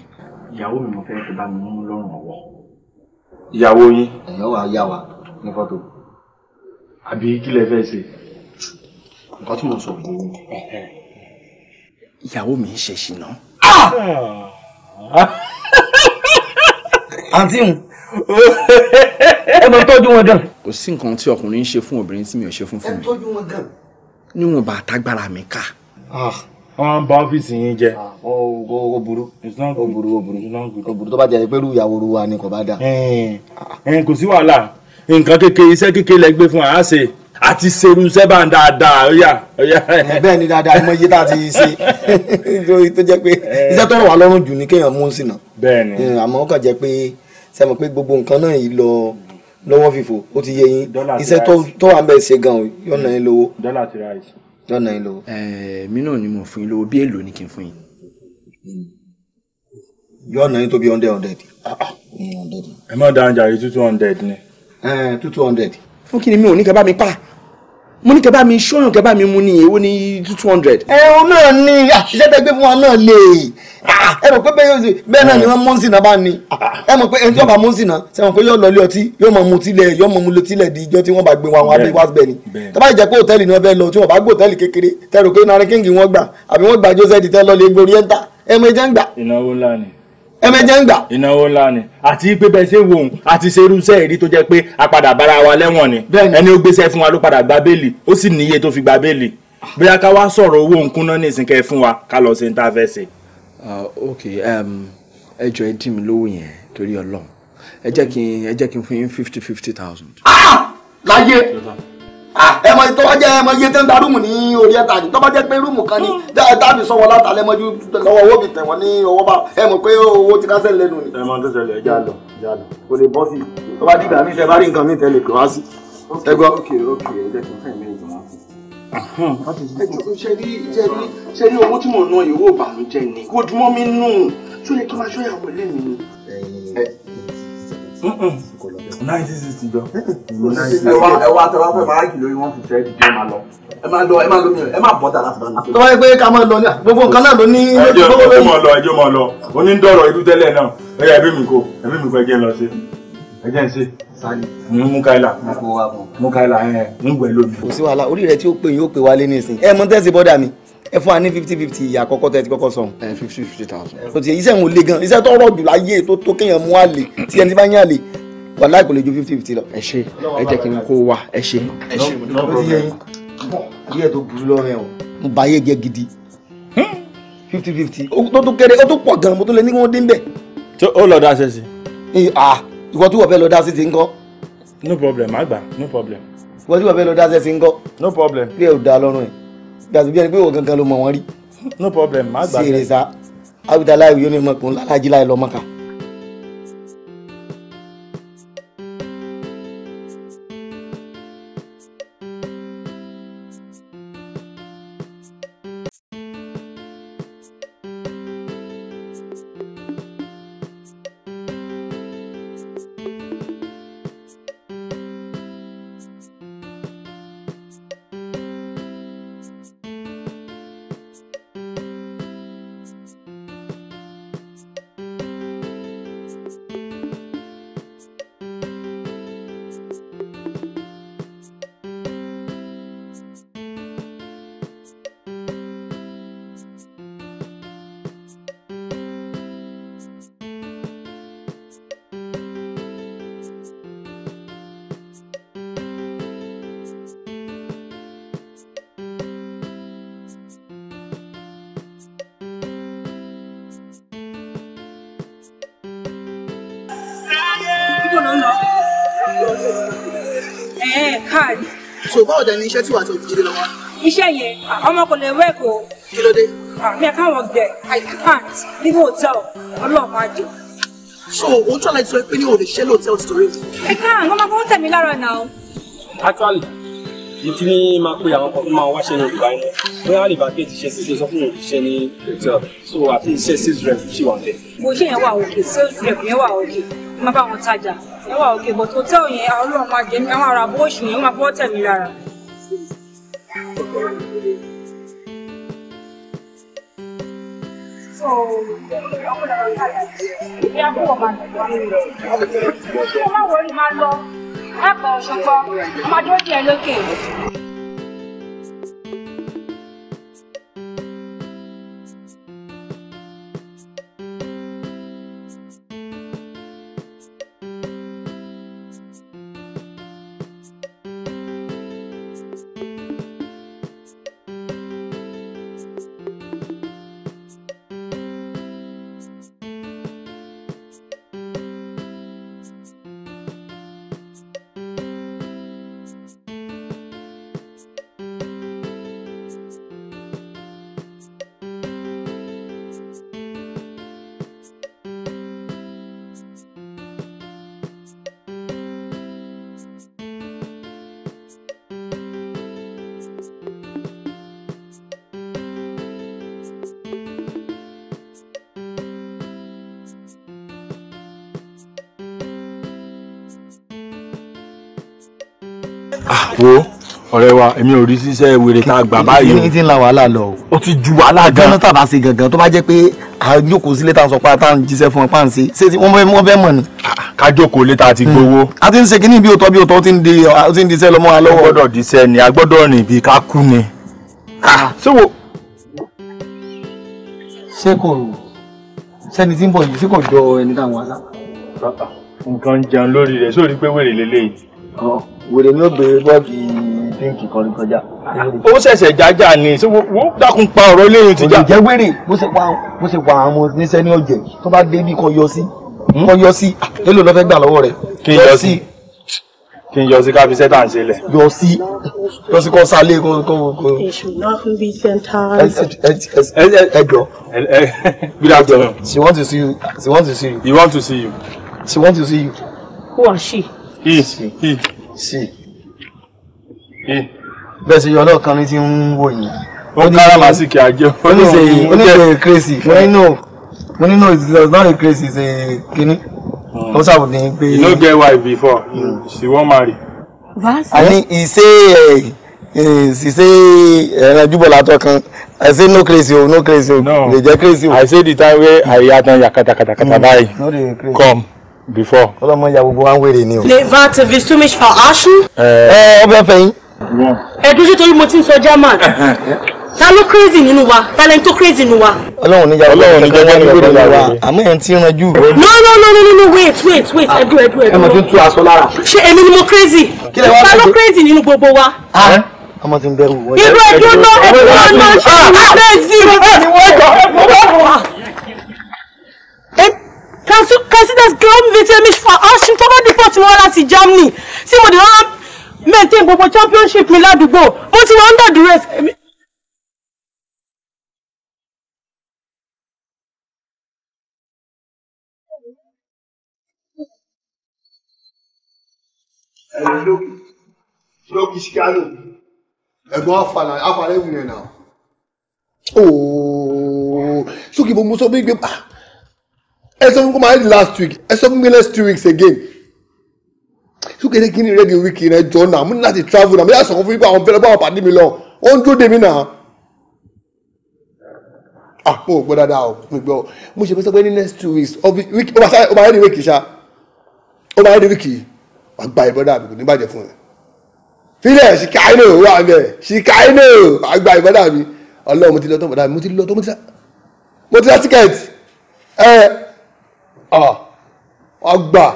ìyàwó mi mo fẹ́ kí bá mi mú lọ́rùn ọ̀wọ́. ìyàwó yín. ẹ̀yọ́ wa yá wa ní fọ́tò. àbí kí lẹ fẹ́ ṣe. nǹkan tí mo sọ kò ní. ìyàwó mi ń ṣe ṣìnà. Ah! Ah! àǹtí ń ẹ máa tọ́jú wọn gan. kò sí nǹkan tí ọkùnrin ń ṣe fún obìnrin tí mi ò ṣe fún fún mi. ẹ tọ́jú wọn gan. níwọ̀n bá àtàgbára mi ká. Ah, wọ́n ń ba ọ́fíìsì yín jẹ́. o ah, burú o burú o burú o burú tó bá jẹ́ pé irú ìyàwó ruwa ni kò bá dà. kò sí wàhálà nǹkan kékeré iṣẹ́ kékeré lẹ gbé fún wa á ṣe àti serun sẹ́bà dáadáa ọ̀yà ọ̀yà. bẹ́ẹ̀ ni dáadáa mọ iye tá a ti ṣe nítorí tó jẹ́ pé iṣẹ́ tó rọ̀ wá lọ́rùn jù ni kéèyàn mú un sí náà. bẹ́ẹ̀ ni àmọ́ ó kàn jẹ́ pé ṣe mọ̀ pé gbogbo nǹkan náà yìí lọ lọ́wọ́ fífò ó ti yẹ yín iṣẹ́ tó wà ń bẹ̀ ṣe gan-an yọ̀nà yín lówó. dọ́là ti ra ẹ̀sìn. yọ̀nà yín lówó. ẹ̀ẹ́ mi náà ni mo fún yín lówó bí èlò ni kí n fún yín. yọ̀nà yín tó bí hundred hundred. Ah, ah, ẹ má dáhùn jàre two hundred ni. two hundred. fún kí ni mi ò ní kẹ́ bá mi pa mo ní kẹbá mi ṣóyún kẹbá mi mú ní èwo ní two hundred. ẹ o náà ni iṣẹ́ tẹ́ gbé fún wa náà lè ah, ẹ mọ̀ pé bẹ́ẹ̀ yóò ṣe bẹ́ẹ̀ náà ni wọ́n mọ́ǹsì náà bá ní ẹ mọ̀ pé ẹni tí wọ́n bá mọ́ǹsì náà ṣe mọ̀ pé yóò lọ ilé ọtí yóò mọ̀ mu tilẹ̀ yóò mọ̀ mu lo tilẹ̀ di ijọ́ tí wọ́n bá gbé wọn wá bí wá bẹ̀ ni tọ́ba ìjẹ́ pé hòtẹ́ẹ̀lì ni wọ́n fẹ́ lọ tí wọ́n bá gbé hòtẹ́ẹ̀lì kékeré tẹ́rù pé narin kíngì wọ́n gbà àbí wọ́n gbà joseph tẹ́ lọ lé gbórí ẹ̀ ń ta ẹ mọ ẹjẹ́ ń gbà. ìnáwó ńlá ẹmẹjẹ ń gbà. ìnáwó ńlá ni àti pé bẹ́ẹ̀ ṣe wò ó àti ṣerúṣẹ́ ìrí tó jẹ́ pé a bára wa lẹ́wọ̀n ni ẹni ó gbéṣẹ́ fún wa ló padà gba béèlì ó sì níye tó fi gba béèlì bóyá ká wá sọ̀rọ̀ owó nkúná ní ìsìnkẹ́ fún wa ká lọ sí ní tá ṣe. Ah, ok ẹ jọ ẹ dín mi lówó yẹn torí Ọlọ́run ẹ jẹ́ kí n fún yín fifty fifty thousand. Ah! láyé. Ah, ẹ mọ tó bá jẹ ẹ mọ iye tó ń da rúùmù ní orí ẹta ni tó bá jẹ pé rúùmù kan ni hmm. dábì sọ wọn látàlẹ mọjú lọ́wọ́ owó mi tẹ wọn ní ọwọ́ bá ẹ mọ pé owó ti kásẹ̀ lẹ́nu ni. ẹ máa tó ṣẹlẹ̀ ẹja lọ ẹja lọ kò lè bọ́ sí i tó dìgbà mi ṣe bá rí nǹkan mi tẹ lè wá sí. ẹ gbọ́ ok ok ẹ jẹ́ kí n fẹ́ mi ìjọ wọn fún ṣe rí owó tí mò ń ná ìwé ìbànújẹ́ ni kó dùnmọ́ mi nù tó yẹ kí n ninety sixty jọ. ẹwà ẹwà àtẹwà fẹ́ máa kìlọ̀ yín wọ́n fi tẹ́ ìdíje máa lọ ẹ máa lọ ẹ máa lọ mi ẹ máa bọ́tà láti bá mi. tọ́wọ́ ẹ pé ká máa lọ ní gbogbo nǹkan náà ló ní. ẹjọ́ ẹjọ́ mọ̀ lọ ẹjọ́ mọ̀ lọ onídọ̀rọ̀ ìlú tẹ́lẹ̀ náà ẹ̀yà ẹbí mi kò ẹbí mi kò ẹjẹ́ ń lọ sí ẹjẹ́ ń sí mukaila mukaila ẹ ń gbẹ lómi. kò sí wàhálà orí rẹ tí ó pè yín ó pè wálé ní ìsìn ẹ mọ tẹ́sí bọ́dà mi ẹ fún wa ní fifty fifty ìyá àkọ́kọ́ tẹ́ ti kọ́kọ́ sọ. ẹ fifty fifty thousand. o ti iṣẹ́ ń le gan iṣẹ́ tó rọ̀ jù láyé tó tó kéèyàn mú àlè tí ẹni bá yàn àlè wàhálà ìkòlè ju fifty fifty lọ. ẹ ṣe ẹ jẹ́ kí n kó wa ẹ ṣe. ẹ ṣe mo ti yẹ yín díẹ̀ tó burú lọ́rùn o. mo bá yé jẹ gidi fifty fifty ó tún kéré ó tún pọ̀ gan-an mo tún lè ní wọ́n dé ń bẹ̀. ṣé ó lọ dá ṣe sí. ìwọ tí wọ́n fẹ́ lọ dá ṣe ti ń no problem àgbà no problem. ìwọ tí wọ́n fẹ́ lọ dá ṣe ti ń no problem. bí ẹ ò da lọ́rùn ẹ̀ gbàgbé bí ẹni pé ìwọ gangan ló mọ̀ wọ́n rí. no problem àgbà. sí èrè sá abudulayi yóò ní ọmọkùnrin lálájí láì lọ́mọ́ka. card. so báwo dẹ̀ ni iṣẹ́ tí wà á tó jíde lọ́wọ́. iṣẹ́ yẹn ọmọ kò lè wẹ́ẹ̀ kó. kí ló dé. Ah, mi àká wọn gbẹ i can't leave hotel ọlọ́ọ̀mọ àjò. so òun tọ́lá ti sọ pé ní òde ṣẹ́ lóòótọ́ ti torí. ẹ káà wọn máa fọwọ́ tẹ̀ lára náà. actually ní tí ní máa pe àwọn kan máa wáṣẹ́ ní Dubai ní bóyá wà lè ṣe sísè sọ fún òun ṣe ní hotel so àti iṣẹ́ sales rep ṣì wà bẹ́ẹ̀. mo ṣe yẹn wà òkè sales rep yẹn wà òkè má bá wọn tajà ẹ wà òkè bọ̀ tó tẹ́ òyìn ọlọ́run máa jẹ àwọn ará bó oṣù yẹn máa fọ́ tẹ̀ lára. Kí ló máa wọrí máa lọ? Ẹ pọ̀ ṣùgbọ́n ọmọdé ó jẹ́ lókè. ọ̀rẹ́ wa èmi ò rí síṣẹ́ wèrè tá a gbà báyìí. kí ni ti ń la wàhálà lọ. ó ti ju wàhálà gan. gánà tàbá ṣe gangan tó bá jẹ́ pé a sílé tá a sọ pé a tá a jíṣẹ́ fún ọ pa n ṣe ṣé wọ́n fẹ́ mọ̀ ni. Ah, ká lé tá ti hmm. gbowó. a ti ń ṣe kínní bí òótọ́ bí òótọ́ ó ti ti ń diṣẹ́ lọ́mọ́ wa lọ́wọ́. gbọ́dọ̀ diṣẹ́ ni a gbọ́dọ̀ rìn bí ká kú ni. Ah, ṣé kò sẹ́ni kò jọ wèrè ni ó bèrè bọ́ọ̀gì fíǹkì kọrin kọjá. ó ṣẹ̀ṣẹ̀ jájá ni ṣé dákun pa ọ̀rọ̀ eléyìí ti já. òjò jẹ́ bó ṣe pa àwọn oníṣẹ́ ní ọ̀jẹ̀ tó bá dé bí kò yọ sí kò yọ sí èlò ló gbà lọ́wọ́ rẹ̀. kí n yọ sí kí n yọ sí káfí sẹ́tà ń ṣe yọ sí yọ sí kó sálé kó kó ẹjọ. good afternoon. she want to see you she want to see you. he want to see you. she want to see you. who are she. he he she. Eh. bẹ́ẹ̀ sì yọ ọlọ́ọ̀kan ní ti ń wò yín. ó kára màá sì kí a jẹ oníṣe oníṣe crazy mo ní no mo ní no it not crazy it's a kini. ó ṣàbò ní pé. you no get wife before hmm. she wan marry. I mean he say eh, eh, he say ẹ̀ẹ́dúbọ̀lá tọkàn I say no crazy o no crazy o no. jẹ crazy o. I say the time wey I hear tan ya katakatakata hmm. báyìí come before. ọlọmọ ìyá gbogbo wa ń wèrè ni o. le va te vis tu mich verarschen. ẹ ọ bẹ ẹ̀dùn sí torí mo ti ń sọ german ta ló crazy nínú wa ta lẹni tó crazy nínú wa. ọlọ́run níjà ọlọ́run níjà wọn ni lórí wa àmọ́ ẹ̀ ń tí ran jù. no no no no no wait wait wait ẹ̀dùn ẹ̀dùn ẹ̀dùn. ẹ̀mọ̀ tó tú aṣọ lára. ṣé èmi ni mo crazy. kí lè wá ṣe ta ló crazy nínú gbogbo wa ọmọ tí ń bẹ̀rù wọ́n. irú ẹjọ́ náà ẹjọ́ náà ṣe ah! ìwé sí ah, ah, i. consider government vitamins for us ṣùgbọ́n deport wọn láti Germany tí mo dé wọn maintain gbogbo championship mi ládùúgbò mo ti wà under duress. ẹ̀yin lókì lókì ṣíkánù ẹ̀gbọ́n afàlà afàlà ìwúni ẹ̀ náà. ooo sókè mo ah! sọ fún mi pé ẹ sọ fún mi kó máa head last week ẹ sọ fún mi next two weeks again túkẹ́tẹ́ kí ni rẹ́díò wíkì náà jọ náà mo ní láti travel náà mo yà sọ̀kọ́ fún yípa àwọn fẹ́rẹ́ báwọn pàdé mi lọ ó ń dúró dé mi náà. ah mo gbọ́ dáadáa o mo gbọ́ mo ṣe fẹ́ sọ pé ní next two weeks ọba ayé ni wíkì ṣá ọba ayé ni wíkì wàá gba ìbọn dàbí kò ní bàjẹ́ fún ẹ. fílẹ̀ ṣìkàínò wà bẹ̀ ṣìkàínò wàá gba ìbọn dàbí ọlọ́run mo ti lọ tó bọ̀dá mi mo ti lọ tó mo ti sá mo ti ra tíkẹ́ẹ̀tì ẹ ọ ọgbà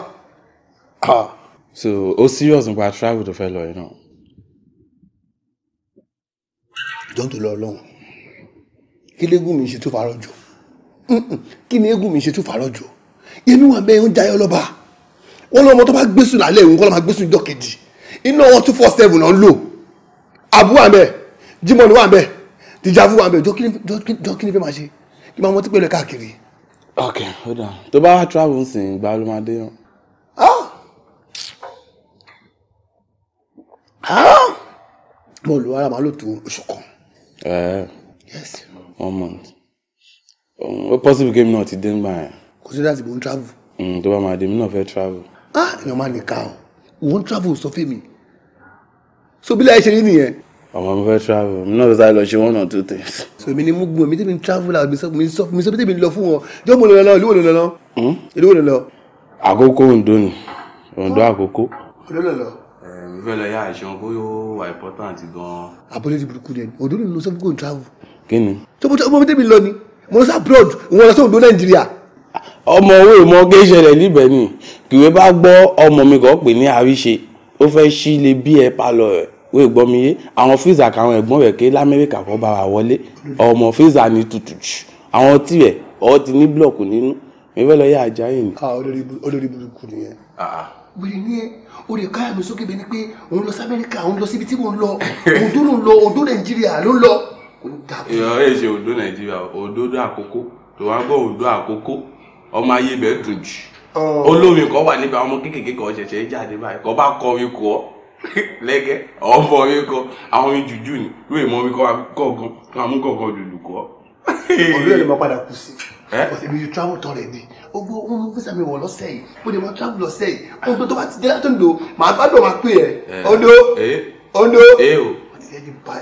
ọ so ó serious nípa travel tó fẹ́ lọ yìí náà. jọ́ǹtò lọ ọlọ́run kí lẹ́gùn mi ṣe tó farọ́ jù kí ni eégún mi ṣe tó farọ́ jù èmi wà bẹ́ẹ̀ ń jayọ́ lọ́ba wọ́n lọ́mọ tó bá gbésùn lálẹ́ ìwọ̀n kọ́ lọ́ máa gbésùn ìjọ kejì iná wọn two four seven náà ń lò Abu wà bẹ́ẹ̀ jimoni wà bẹ́ẹ̀ tìjàfú wà bẹ́ẹ̀ jọ kí ni fẹ́ máa ṣe kí máa mọ tí pẹ̀lú káàkiri. ok hold on tó bá wá travel nsìn ìgbà ló máa dé yàn. ah mo lò ara màá lò tó oṣù kan. Eh, yes. one month What um, possible game not ti dé nígbà yẹn. kò sí láti bò ń travel. Mm, tó bá máa dé mi náà fẹ́ travel. ah èèyàn máa nìka o mò ń travel sọ fún mi so bí láì ṣe rí nìyẹn. ọmọ mi fẹ́ travel mi náà sáré lọ ṣe one or two things. so èmi ni mo gbọ́ èmi tẹ́mi ń travel àbí mi sọ mi sọ pé tẹ́mi ń lọ fún wọn jọ́ mo lọ lọ ìlú wo lọ lọ. Hmm? ìlú do lọ lọ. àkókò Oǹdó ni Oǹdó àkókò. Oǹdó lọ lọ mo fẹ́ lọ yá àìsàn wà important gan-an. ti burúkú ni òdo ni mo sọ kò n travel. kí ni. tó bó tẹ́bi lọ ni mo lọ sí abroad mo lọ sí nàìjíríà. ọmọ owó ìmọ̀ ọgẹ́ ìṣẹ̀lẹ̀ níbẹ̀ ni kìwé bá gbọ́ ọmọ mi kàn pè ní àríṣe ó fẹ́ ṣí lè bí ẹ palọ̀ rẹ̀ wo ìgbọ́ mi yé àwọn fíìsà káwọn ẹ̀gbọ́n rẹ̀ ké lamẹ́ríkà kọ́ bá wa wọlé ọmọ fíìsà ni tutù jù àwọn tirẹ̀ ọ ti ní blọọkù nínú mi fẹ́ lọ yá àjà yìí ni. Ah, olórí burúkú ni ẹ ah, ah o lè ká àmì sókè bẹ́ẹ̀ ni pé òun lọ sí amẹ́ríkà òun lọ síbi tí mò ń lọ òǹdó ló ń lọ òǹdó nàìjíríà ló ń lọ. ìyọ̀ ẹ̀ ṣe òǹdó nàìjíríà òǹdó àkókò tó wá gbọ́ òǹdó àkókò ọmọ ayé bẹ́ẹ̀ dùn jù olórin kan wà níbẹ̀ àwọn ọmọ kéékèèké kan ṣẹ̀ṣẹ̀ jáde báyìí kan bá kọ orin kọ lẹ́gẹ́ ọmọ orin kọ àwọn orin jùjú ni lóye mọ orin kọ kọ̀ọ̀kan àmúkọ̀ọ̀kan jùjú kọ. olóyè ló máa padà kú sí ọ̀sẹ̀ mi ju travel tán rẹ̀ ni ogbó wọn mú fẹsẹ̀ mi wọ̀ lọ́sẹ̀ yìí ó lè máa travel lọ́sẹ̀ yìí ogbó tó bá ti dé látọ̀ ńdò màá gbádùn máa pè ẹ́ eh. ondo eh? ondo eh wọ́n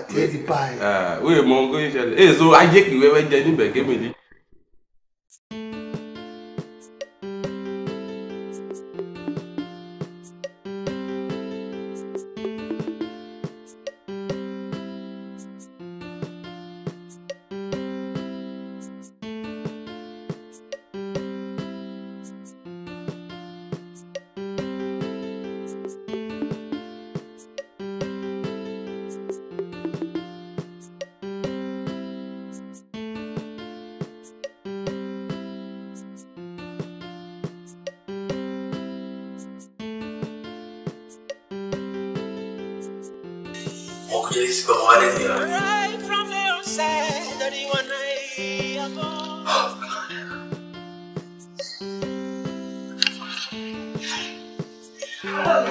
ti di báyìí. wíì mọ ohun tó ń ṣẹlẹ̀ èso ajé kìí wẹ́wẹ́ jẹ níbẹ̀ kémìlì. Please go on in here. Oh,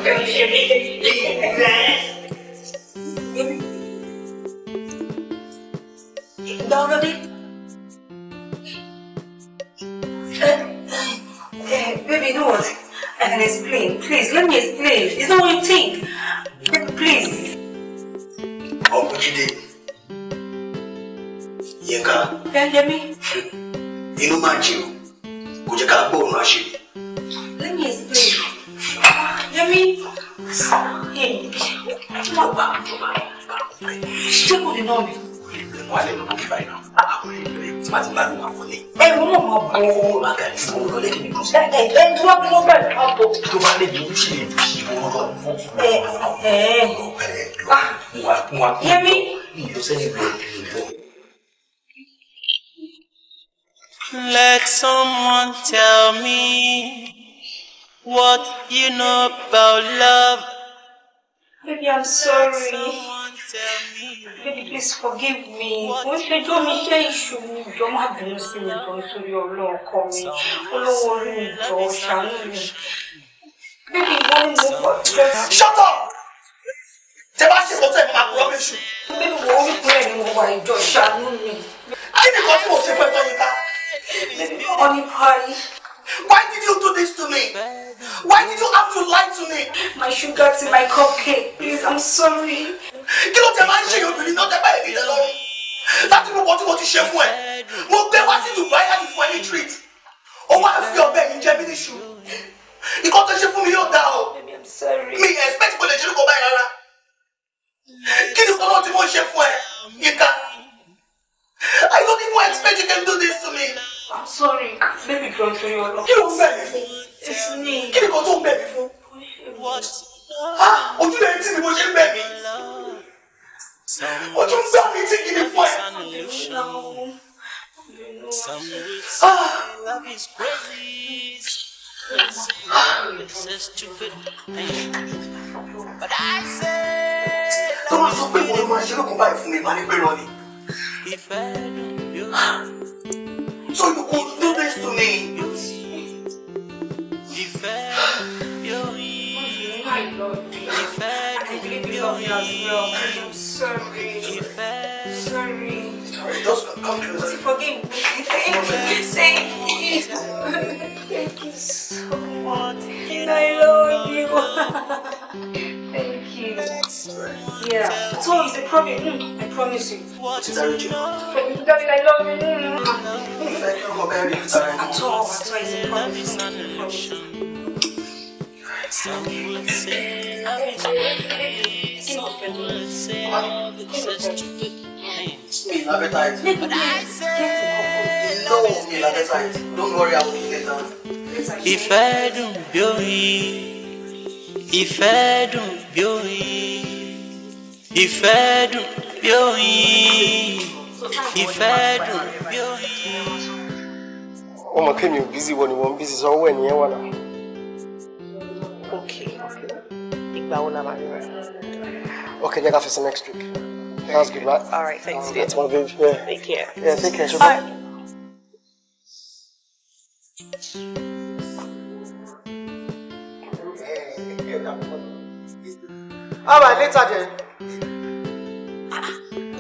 God. you let someone tell me what you know about love. Baby, I'm sorry. Baby, please forgive me. Wọ́n ṣẹjọ́ mi ṣe ìṣù mi ìjọ má bínú sí mi jọ nítorí ọlọ́run kọ́ mi. Olówó orí mi jọ ṣàánú mi. Baby, wọ́n ní mo kọ̀ jẹ́. Shut up! Tẹ bá ṣe kọ́tẹ́ ìmọ̀ àkùrọ̀ mi ṣù. Baby, wọ́n wípé ẹ̀ ni mo wà ìjọ ṣàánú mi. Kí ni kan tí mo ṣe fẹ́ tọ́ mi ká? Honey pie. Why did you do this to me? Why did you have to lie to me? My sugar, in my cupcake. Please, I'm sorry. Kí ló tẹ máa ń ṣe obìnrin náà tẹ báyìí nílẹ̀ lọ́rùn? Láti gbogbo tí mo ti ṣe fún ẹ. Mo gbé wá sí Dubai láti fún ẹ ní treat. Ó wá fi ọbẹ̀ yìí jẹ mí níṣu. Ìkọ́ tó ṣe fún mi yóò dá o. Mi expect kò lè ṣe buy báyìí rárá. Kí ni kọ́lọ́ tí mo ṣe fún ẹ? Yíká. I don't even expect you can do this to me. I'm sorry. Baby girl to your love. Kí ló ń bẹ̀ mí fún? It's me. Kí ni kò tó ń bẹ̀ mí fún? Ojú lẹ́yìn tí mi mo ṣe ń bẹ̀ mí. Ojú ń gbà mí tí kì í fún ẹ. Tọ́lá sọ pé mo ló máa ṣe lókun báyìí fún mi, màá ní pé lọ ni. So you could do this to me. My Lord, I really love you as well. I'm sorry. Sorry. Sorry, just come closer. Forgive me. Thank you. Thank you. Thank you so much. I love you. right? Yeah. So it's a problem. Mm, I promise you. What is that, Richard? I love you. Mm. Thank you for bearing with time. At all, at all, it's a promise. Me love it tight. No, me love it tight. Don't worry, I will be there now. Ìfẹ́ dùn bí oyin, ìfẹ́ dùn bí oyin ìfẹ́ dùn bí oyin ìfẹ́ dùn bí oyin. ọmọ kẹ́mi ò bízí wọ ni wọ́n ń bízí sọ ọwọ́ ẹ̀ nìyẹn wà náà. ok ìgbà wo la máa rí rẹ. okay jẹ́ ká fi next week. That's good, right? All right, thanks, dear. That's my baby. Yeah. Take care. Yeah, take care. Bye. All right, later, then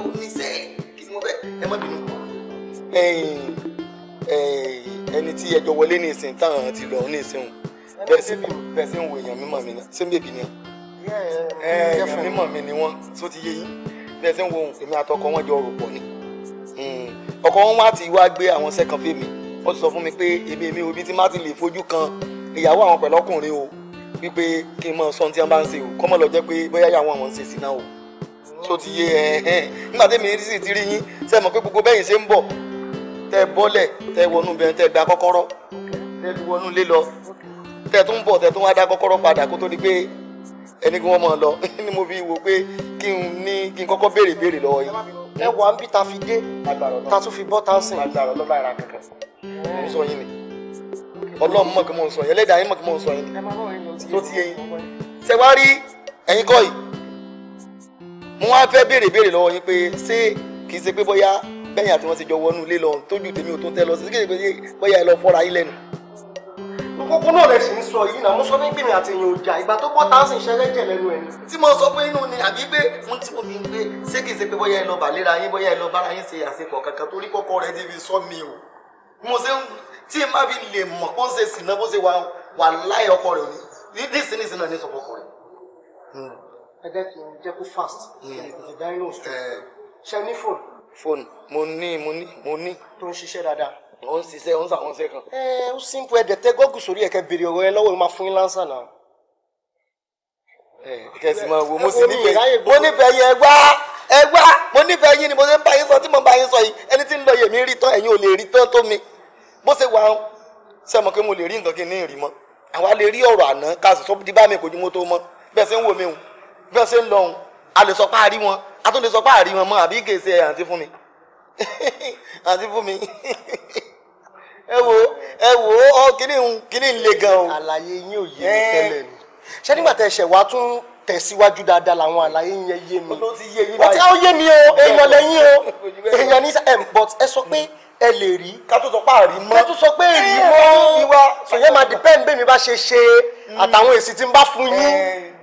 omi sẹ́yìn kí ni mo fẹ́ ẹ má bínú. ẹni tí ẹjọ́ wọlé ní ìsìn táwọn ti lọ ní ìsìn bẹ́sẹ̀ ń wo èèyàn mímọ̀ mi ni ṣé ń bèbí ni èèyàn mímọ̀ mi ni wọ́n tó ti yé yín bẹ́sẹ̀ ń wo ohun èmi àtọkọ wọn jọ rò pọ̀ ni hmm. ọkọ wọn wá ti wá gbé àwọn sẹ́kàn fèmí ó sọ fún mi pé èmi èmi obi tí má ti lè fojú kan ìyàwó àwọn pẹ̀lú ọkùnrin o wípé kí n mọ sọ ohun tí wọn bá ń ṣe o kọ́mọ lọ jẹ́ pé bóyá ìyàwó àwọn ń ṣe sí náà o tó ti yé ẹ̀hẹ́n nígbà tẹ́mi sì ti rí yín ṣe mọ̀ pé gbogbo bẹ́yìn ṣe ń bọ̀ tẹ bọ́lẹ̀ tẹ wọnú bẹ̀rẹ̀ tẹ da kọ́kọ́rọ́ tẹ fi wọnú lé lọ tẹ tún bọ̀ tẹ tún wá da kọ́kọ́rọ́ padà kó tó di pé ẹni kí wọ́n mọ̀ lọ ni mo fi wò pé kí n ní kí n kọ́kọ́ béèrè béèrè lọ́wọ́ yìí ẹ wà ń bí ta fi dé ta tún fi bọ́ ta sìn. mo sọ yín ni ọlọ́run mọ̀ kí mo sọ yín ẹlẹ́dàá yín mọ̀ kí mo sọ yín ni tó ti yé yín ṣe rí ẹ̀yin kọ́ yìí mo wá fẹ́ béèrè béèrè lọ́wọ́ yín pé ṣé kì í ṣe pé bóyá bẹ́yìn àti wọ́n ti jọ wọnú ilé lọ tójú tèmi ò tó tẹ́ lọ sí kéde pé bóyá ẹ lọ fọ́ra yín lẹ́nu. kókó náà lẹ sì ń sọ yìí náà mo sọ ní gbèmí àti èèyàn ọjà ìgbà tó pọ̀ tá à ń sìn ṣẹ́rẹ́ jẹ̀ lẹ́nu ẹ̀ tí mo sọ pé inú ni àbí pé mo ti omi pé ṣé kì í ṣe pé bóyá ẹ lọ bàlera yín bóyá ẹ lọ bára yín ṣe àṣepọ̀ kankan torí kọ́kọ́ rẹ ti fi sọ mi o mo ṣe tí n bá fi lè mọ̀ kó ń ṣe sìn náà bó ṣe wà láì ọkọ rẹ̀ ní nísìnyìí náà ní sọ̀kọ̀kọ̀ rẹ̀. Hmm ẹ jẹ́ kí n jẹ́ kó fast hmm. kí n tètè dá inú oṣù ṣe ní fóònù. fóònù mo ní mo ní mo ní. tó ń ṣiṣẹ́ dáadáa. ó ń ṣiṣẹ́ ó ń ṣàwọn iṣẹ́ kan. ẹ ó simple ẹ̀dẹ̀ tẹ gọ́ọ̀gù sórí ẹ̀kẹ́ béèrè ọ̀rọ̀ ẹ lọ́wọ́ ló máa fún yín láǹsà náà. ẹ kẹsì máa wo mo sì nífẹ̀ẹ́ mo nífẹ̀ẹ́ yẹ wá ẹ wá mo nífẹ̀ẹ́ yín ni mo ṣe ń bá yín sọ tí mo bá yín sọ yìí ẹni tí ń lọ yèmí rí tán ẹ̀yin ò lè rí tán tó mi bó ṣe wà sẹ́mọ̀ pé mo lè rí nǹkan kí n ní ìrì mọ́ àwa lè rí ọ̀rọ̀ àná ká sì sọ di mo tó mọ́ bẹ́ẹ̀ sẹ́ ń wò mí hùn bí wọ́n ṣe ń lọ òun a lè sọ pé wọn a tún lè sọ pé wọn mọ́ àbí kèsì ẹ̀ àǹtí fún mi àǹtí fún mi ẹ wo ẹ wo ọ kíní ń kíní ń le gan o. àlàyé yín ò yé mi tẹ́lẹ̀ ni eh, ṣé nígbà tẹ́ ṣẹ̀ wá tún tẹ̀síwájú dáadáa làwọn àlàyé yẹn yé mi. ó ti yé yín báyìí wọ́n ti á yé mi o èèyàn lẹ́yìn o èèyàn ní eh, but ẹ sọ pé ẹ lè rí ká tó sọ pé àrí mọ́ ká tó sọ pé èrí mọ́ ìwà sọ̀yẹ́ máa depend bẹ́ẹ̀ mi bá ṣe ṣe hmm. àtàwọn èsì tí n bá fún yín.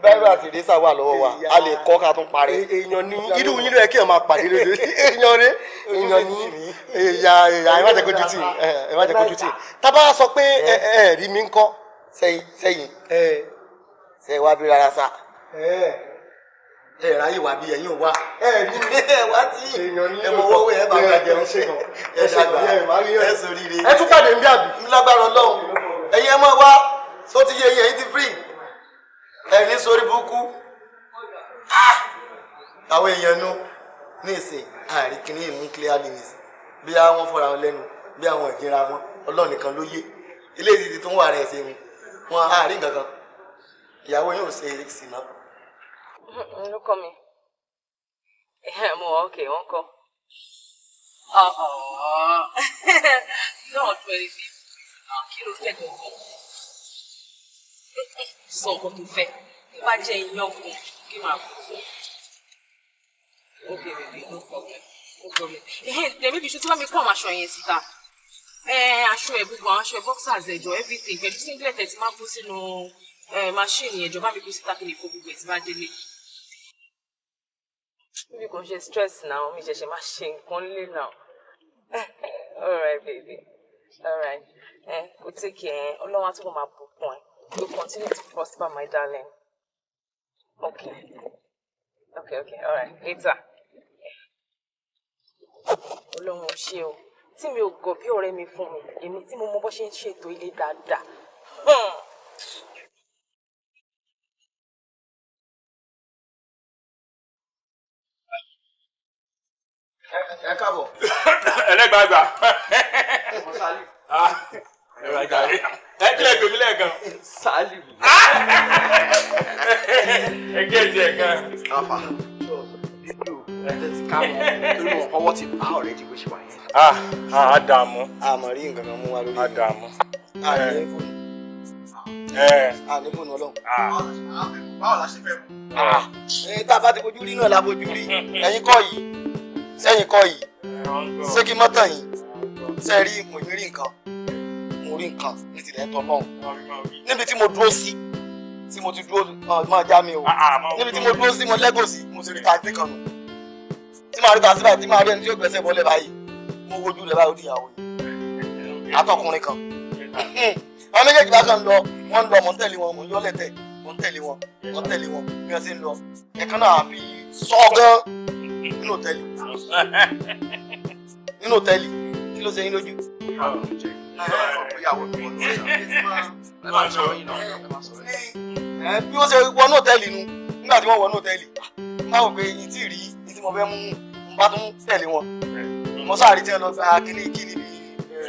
báyọ̀ eh, àti ìrísà wà lọ́wọ́ wa a lè kọ́ ká tún parẹ́. Eh, èèyàn ní irú yín ló yẹ kí ẹ máa pàdé lóde èèyàn rẹ èèyàn ní èèyà èèyà ẹ má jẹ́ kójú tì ẹ má jẹ́ kójú tì tábà sọ pé eh. ẹ ẹ rí mi ń kọ́ sẹ́yìn sẹ́yìn sẹ́yìn wá bí rárá sá ẹ ráyè wá bí ẹ̀yin wá ẹ ní ẹ wá tí ẹ mọ owó ẹ bá bá jẹun ẹ dàgbà ẹ sòrire ẹ tún pàdé nbí àbí lágbára Ọlọ́run ẹ̀yin ẹ mọ wá tó ti yẹ yẹ yìí ti free ẹ ní sórí burúkú ah! àwọn èèyàn nu ní ìsìn àárín kìíní ìmú clear limits bí àwọn fọra wọn lẹ́nu bí àwọn ìjìnra wọn Ọlọ́run nìkan ló yé ilé ìdìdì tó ń wà rẹ ṣe mu wọn àárín kankan ìyàwó yóò ṣe èsì náà ló kọ́ mi mo wà ókè wọ́n kọ́ náà tún ẹni bí kí ló fẹ́ gbọ̀ngàn sọ nǹkan tó fẹ́ bá jẹ́ iyán kun kí máa kú fún ó bèrè mi ló kọ́ mi ó gbọ́ mi tèmi bí ṣojú bá mi kó àwọn aṣọ yẹn síta eh, aṣọ ẹ̀ gbogbo àwọn aṣọ ẹ̀ boxers ẹ̀jọ̀ everything pẹ̀lú singlet ẹ̀ ti máa kú sínú eh, machine ẹ̀jọ̀ bá mi kú síta kí ni ìfowópamọ́ ẹ̀ ti It's délé yìí bí kò ṣe stress now. mi ṣẹ̀ṣẹ̀ máa ṣe nǹkan lé náà all right baby all right ẹ kò take care ẹ ọlọ́wọ́ àtúbọ máa bù kún ẹ you continue to prosper my darling okay okay okay all right later ọlọ́run ò ṣe o tí mi ò gọ̀ bí ọ̀rẹ́ mi fún mi èmi tí mo mọ bó ṣe ń ṣètò ilé dáadáa. Hmm. ẹ káàbọ̀. ẹlẹgbàgbà ah, ẹ kílẹ̀ gbèmí lẹ́ẹ̀kan. Salim. Ah! ẹ kí ẹ jẹ kan. afa ọwọ́ ti bá ọ̀rẹ́ ti gbé ṣe wà yẹn. Ah, a dààmú. a mọ̀ rí nǹkan kan mú wa lórí. a dààmú. a ní eh. fóònù. Eh. a ní fóònù ọlọ́run. báwo la ṣe fẹ́ mu. Eh, tá a bá ti fojú rí náà la fojú rí ẹ̀yin kọ́ yìí sẹ́yìn kọ́ yìí ṣé kí mọ́tàn yìí ṣe rí mo rí nǹkan mo rí nǹkan ní tilẹ̀ tọ́ náà níbi tí mo dúró sí tí mo ti dúró máa já mi o ah, ah, níbi tí mo dúró sí mo lẹ́gò sí mo sì rí taxi kan nù tí màá rí taxi báyìí tí màá rí ẹni tí yóò gbẹ́sẹ̀ bọ́lẹ̀ báyìí mo wojú rẹ̀ báyìí ó di ìyàwó yìí àtọkùnrin kan àwọn méjèèjì bá kàn lọ wọ́n ń lọ mọ̀ ń wọn mọ̀ ń mọ̀ ń wọn mọ̀ ń wọn bí wọ́n ṣe ń lọ ẹ̀kan náà àfi sọ́ọ́ gan-an nínú òtẹ́ẹ̀lì nínú òtẹ́ẹ̀lì kí ló ṣe yín lójú. bí wọ́n ṣe wọnú òtẹ́ẹ̀lì nu nígbà tí wọ́n wọnú òtẹ́ẹ̀lì báwo pé ìtì rí ìtì mo fẹ́ mú un bá tún tẹ̀lé wọn mo sáré tí ẹ lọ gba kíní kíní bíi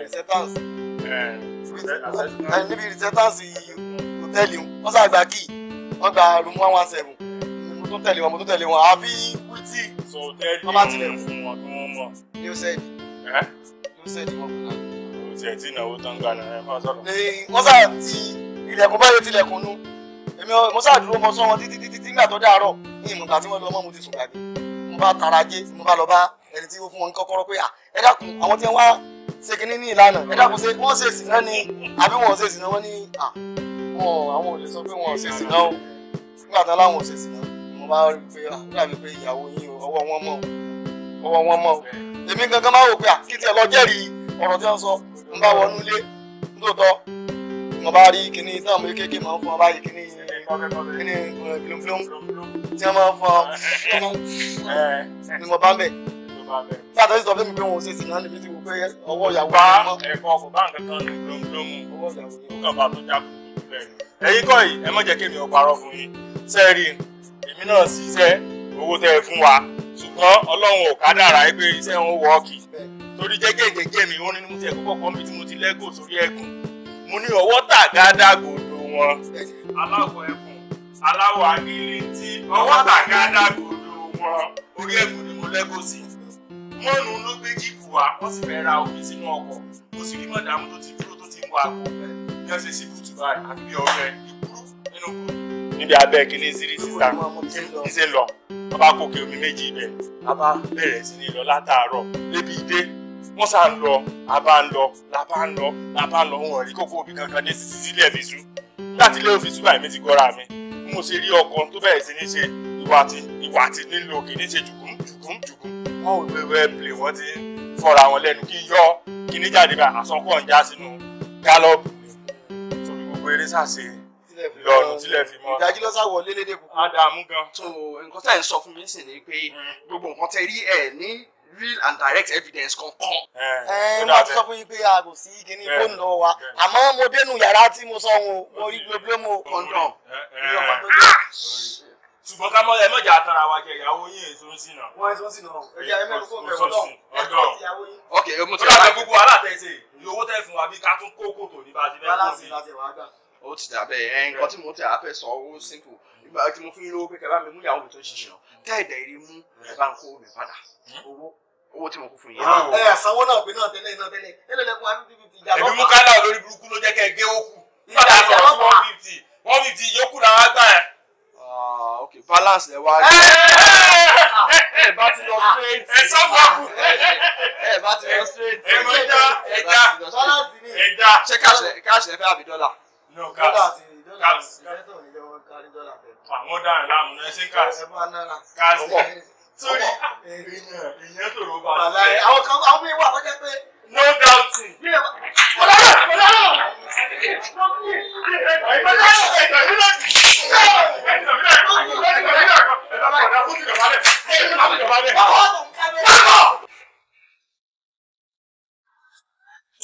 receptance eh, eh, níbi receptance òtẹ́ẹ̀lì wọn sáré gba kíì wọn gba room one one seven mo tún tẹ̀lé wọn mo tún tẹ̀lé wọn àfi wíìtì òtẹ́ẹ̀lì ọba tilẹ̀ fún wọn kí wọ́n mọ̀. ní ó sẹ́ẹ̀dì. ẹ́ ní ó sẹ́ẹ̀dì wọ́n kúnlá. o tiẹ̀ tí ìnáwó tán gbaná ẹ máa sọ̀rọ̀. wọ́n sà ti ilẹ̀kùn báyìí tilẹ̀kùn nú èmi mo sà dúró mọ sọ́wọ́n títí títí tí nígbà tó dé àárọ̀ ní ìmùgbà tí wọ́n lọ mọ́ mo ti sùn gbàgbé mo bá tara jé mo bá lọ bá ẹni tí ó fún wọn kọ́kọ́rọ́ pé ẹ dákun àwọn tí wọ́n ṣe ṣe wọ́n máa rí pé ah, àdúrà mi pé ìyàwó yín ọwọ́ wọn mọ̀ ọwọ́ wọn mọ̀ èmi gangan máa wò pé ah, kí tiẹ̀ lọ jẹ́rìí ọ̀rọ̀ tí wọ́n sọ ń bá wọnú ilé lóòótọ́ mo bá rí kíní táwọn ọmọ kéékèèké máa ń fún ọ báyìí kíní kíní gbìlóngbìlón tí wọ́n máa ń fún ọ ni mo bá ń bẹ̀. Fáta sísọ fún mi pé wọn ò ṣe sì náà níbi tí mo pé ọwọ́ ìyàwó mi mọ́. Ẹ̀kọ́ ọkọ̀ bá nǹkan kan ní gbòmgbòmù. Ọwọ́ ìyàwó mi. Ó Ẹ̀yin kọ́ yìí, ẹ má jẹ́ kémi ọ̀parọ́ fún yín. Sẹ́ẹ̀rì èmi náà ṣiṣẹ́ owó tẹ́ ẹ fún wa ṣùgbọ́n ọlọ́run ò kádàrá pé iṣẹ́ wọn wọ́ọ̀kì torí jẹ́gẹ́jẹ́gẹ́ mi wọ́n ní mo ti ẹ̀kọ́ kọ́kọ́ mi tí mo ti lẹ́gò sórí ẹ̀kún mo ní ọwọ́ tàgádá gòdò wọn aláwọ̀ ẹ̀kún aláwọ̀ agílí tí ọwọ́ tàgádá gòdò wọn orí ẹ̀kún ni mo lẹ́gò sí mọ́ọ̀nù ló gbé jíìpù wa wọ́n sì fẹ́ ra omi sínú ọkọ̀ mo sì rí mọ̀dàmú tó ti dúró tó ti ń wá bí wọ́n ṣe sí bùtù báyìí àbí ọ̀rẹ́ ìkúrú nínú kúrú níbi abẹ́ kínní ziri sísá ṣe lọ bàbá kòkè omi méjì ibẹ̀ bàbá bẹ̀rẹ̀ sí ní lọ látàárọ̀ lébi ìdé wọ́n sá ń lọ àbá ń lọ làbá ń lọ làbá ń lọ wọn rí kókó òbí kankan dé sísí sílẹ̀ fi sú láti ilé òfin súbà mi ti gọ́ra mi bí mo ṣe rí ọkọ tó bẹ̀rẹ̀ sí ní ṣe ìwà tí ìwà tí nílò kì ní ṣe jùkún jùkún jùkún wọn ò gbẹwẹ pèlè wọn ti fọra wọn lẹ́nu kí yọ kí ní jáde bá àsọkọ̀ ń já sínú gálọ́ọ̀bù mi torí gbogbo eré sàṣe lọ́rùn tílẹ̀ fi mọ́ ìdájí lọ́sà wọlé lédè púpọ̀ ádámù gan. tó nǹkan tá ẹ̀ ń sọ fún mi sì ni pé mm. gbogbo nǹkan tẹ rí ẹ̀ ní real and direct evidence kankan. ẹ ẹ wọ́n ti sọ fún yín pé aago sí kíní fóònù lọ́wọ́ wa àmọ́ mo dénú yàrá tí mo sọ wọn mo rí gbogbo kọ́ńdọ̀m ah! ṣùgbọ́n ká mọ́ ẹ mọ̀jà àtàrà wa jẹ ìyàwó yín èso ń sìnà. wọ́n èso ń sìnà ẹ̀yà ẹ mẹ́rin fún ọ̀bẹ̀rún lọ́wọ́ ẹ̀jọ̀ ìyàwó yín. ok mo ti rà á. ìyówó tẹ̀ fún wa bí ká tún kó kòtò ní bá a ti fẹ́ kó sí ó ti dà bẹ́ẹ̀ ẹ̀ nǹkan tí mo tẹ̀ á fẹ́ sọ owó simple ìgbà tí mo fi ń lówó pé kẹ́ bá mi mú ìyàwó mi tó ń ṣiṣẹ́ tẹ́ ẹ̀dẹ̀ rí mú ẹ̀ bá ń kó mi padà owó owó tí mo kú fún yín. Ah. ẹ àsanwó náà gbé náà tẹ́lẹ̀ náà tẹ́lẹ̀ tẹ́lẹ̀ lẹ́kùn one fifty ìjà lọ́pàá. èmi mú kálá olórí burúkú ló jẹ́ kẹ́ ẹ gbé òkú nígbà tí wọ́n one fifty one fifty yókù náà wá gbà ẹ̀. Ah, ok balance lẹ wá. ẹ bá ti lọ ah. straight. ẹ sọ́kù ọkù. ẹ bá ti lọ straight. ẹ mọ ẹja ẹja balance ni ẹja. ṣé káàṣì ẹ fẹ́ àbí dọ́là no cars cars àwọn ọ̀daràn láàmú náà ṣe cars cars sórí èèyàn tó ló bá ṣe. àwọn kan àwọn mi wà lọ́jọ́ pé. no doubting. ọ̀daràn ọ̀daràn.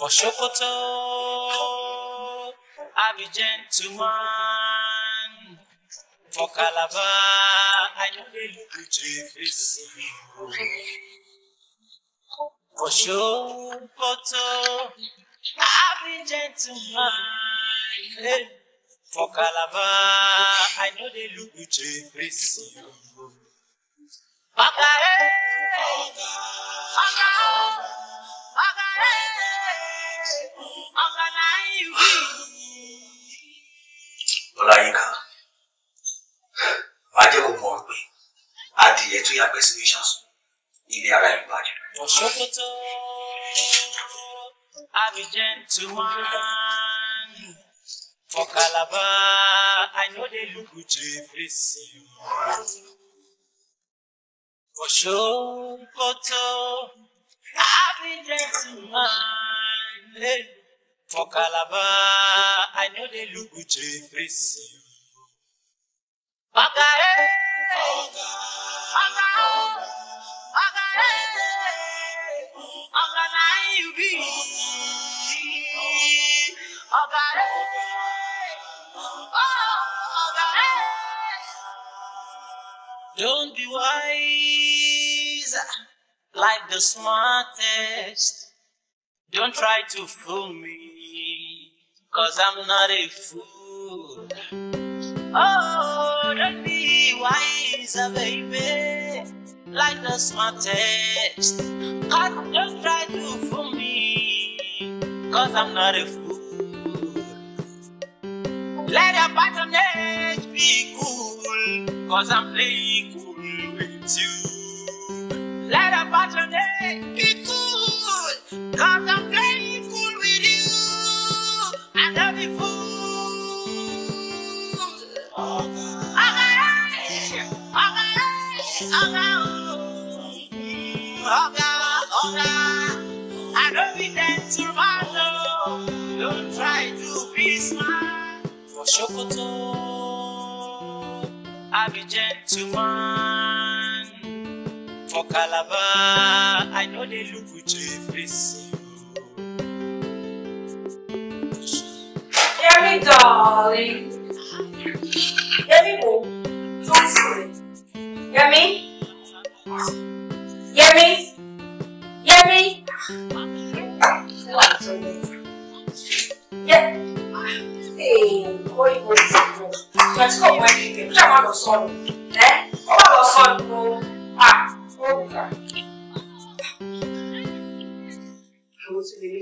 Ọ̀ṣọ́kọ́tọ́. I be gentleman. For Calabar, I know they look good face For sure, photo, I be gentleman. For Calabar, I know they look good face Papa, hey. Papa, oh, Papa, hey. Papa, hey. Papa, hey ọláyínká má jẹ́ kó mọ̀ pé adìyẹ tó yàgbẹ́ sí ìṣàsùn ilé ara ìlú bàjẹ́. ọ̀ṣọ́kótó abidjan to one for Calabar I no dey look with reflection. ọ̀ṣọ́kótó abidjan to one. For Calabar, I know they look with face you. Bagare! Bagare! Bagare! Ogana you be. Ogare! Oh, Ogare! Don't be wise like the smartest. Don't try to fool me. Cause I'm not a fool. Oh, don't be wise, baby. Like the smartest. Cause don't try to fool me. Cause I'm not a fool. Let your patronage be cool. Cause I'm playing cool with you. Let your patronage be ọ̀gá ooo ọ̀gá ọ̀gá I know we dem tomorrow try to be smart for Sokoto I be gentleman for Calabar I no dey look with your face. Yemi darling, Yemi mo, don't worry. Yummy, yummy, yummy. Yeah. Hey, orí mo ti lọ. Ìgbà tí kò mọ ẹni ìgbẹ́, kí a má lọ sọnù. Ẹ́ ó má lọ sọnù o. À ó kà. Àwọn tí lè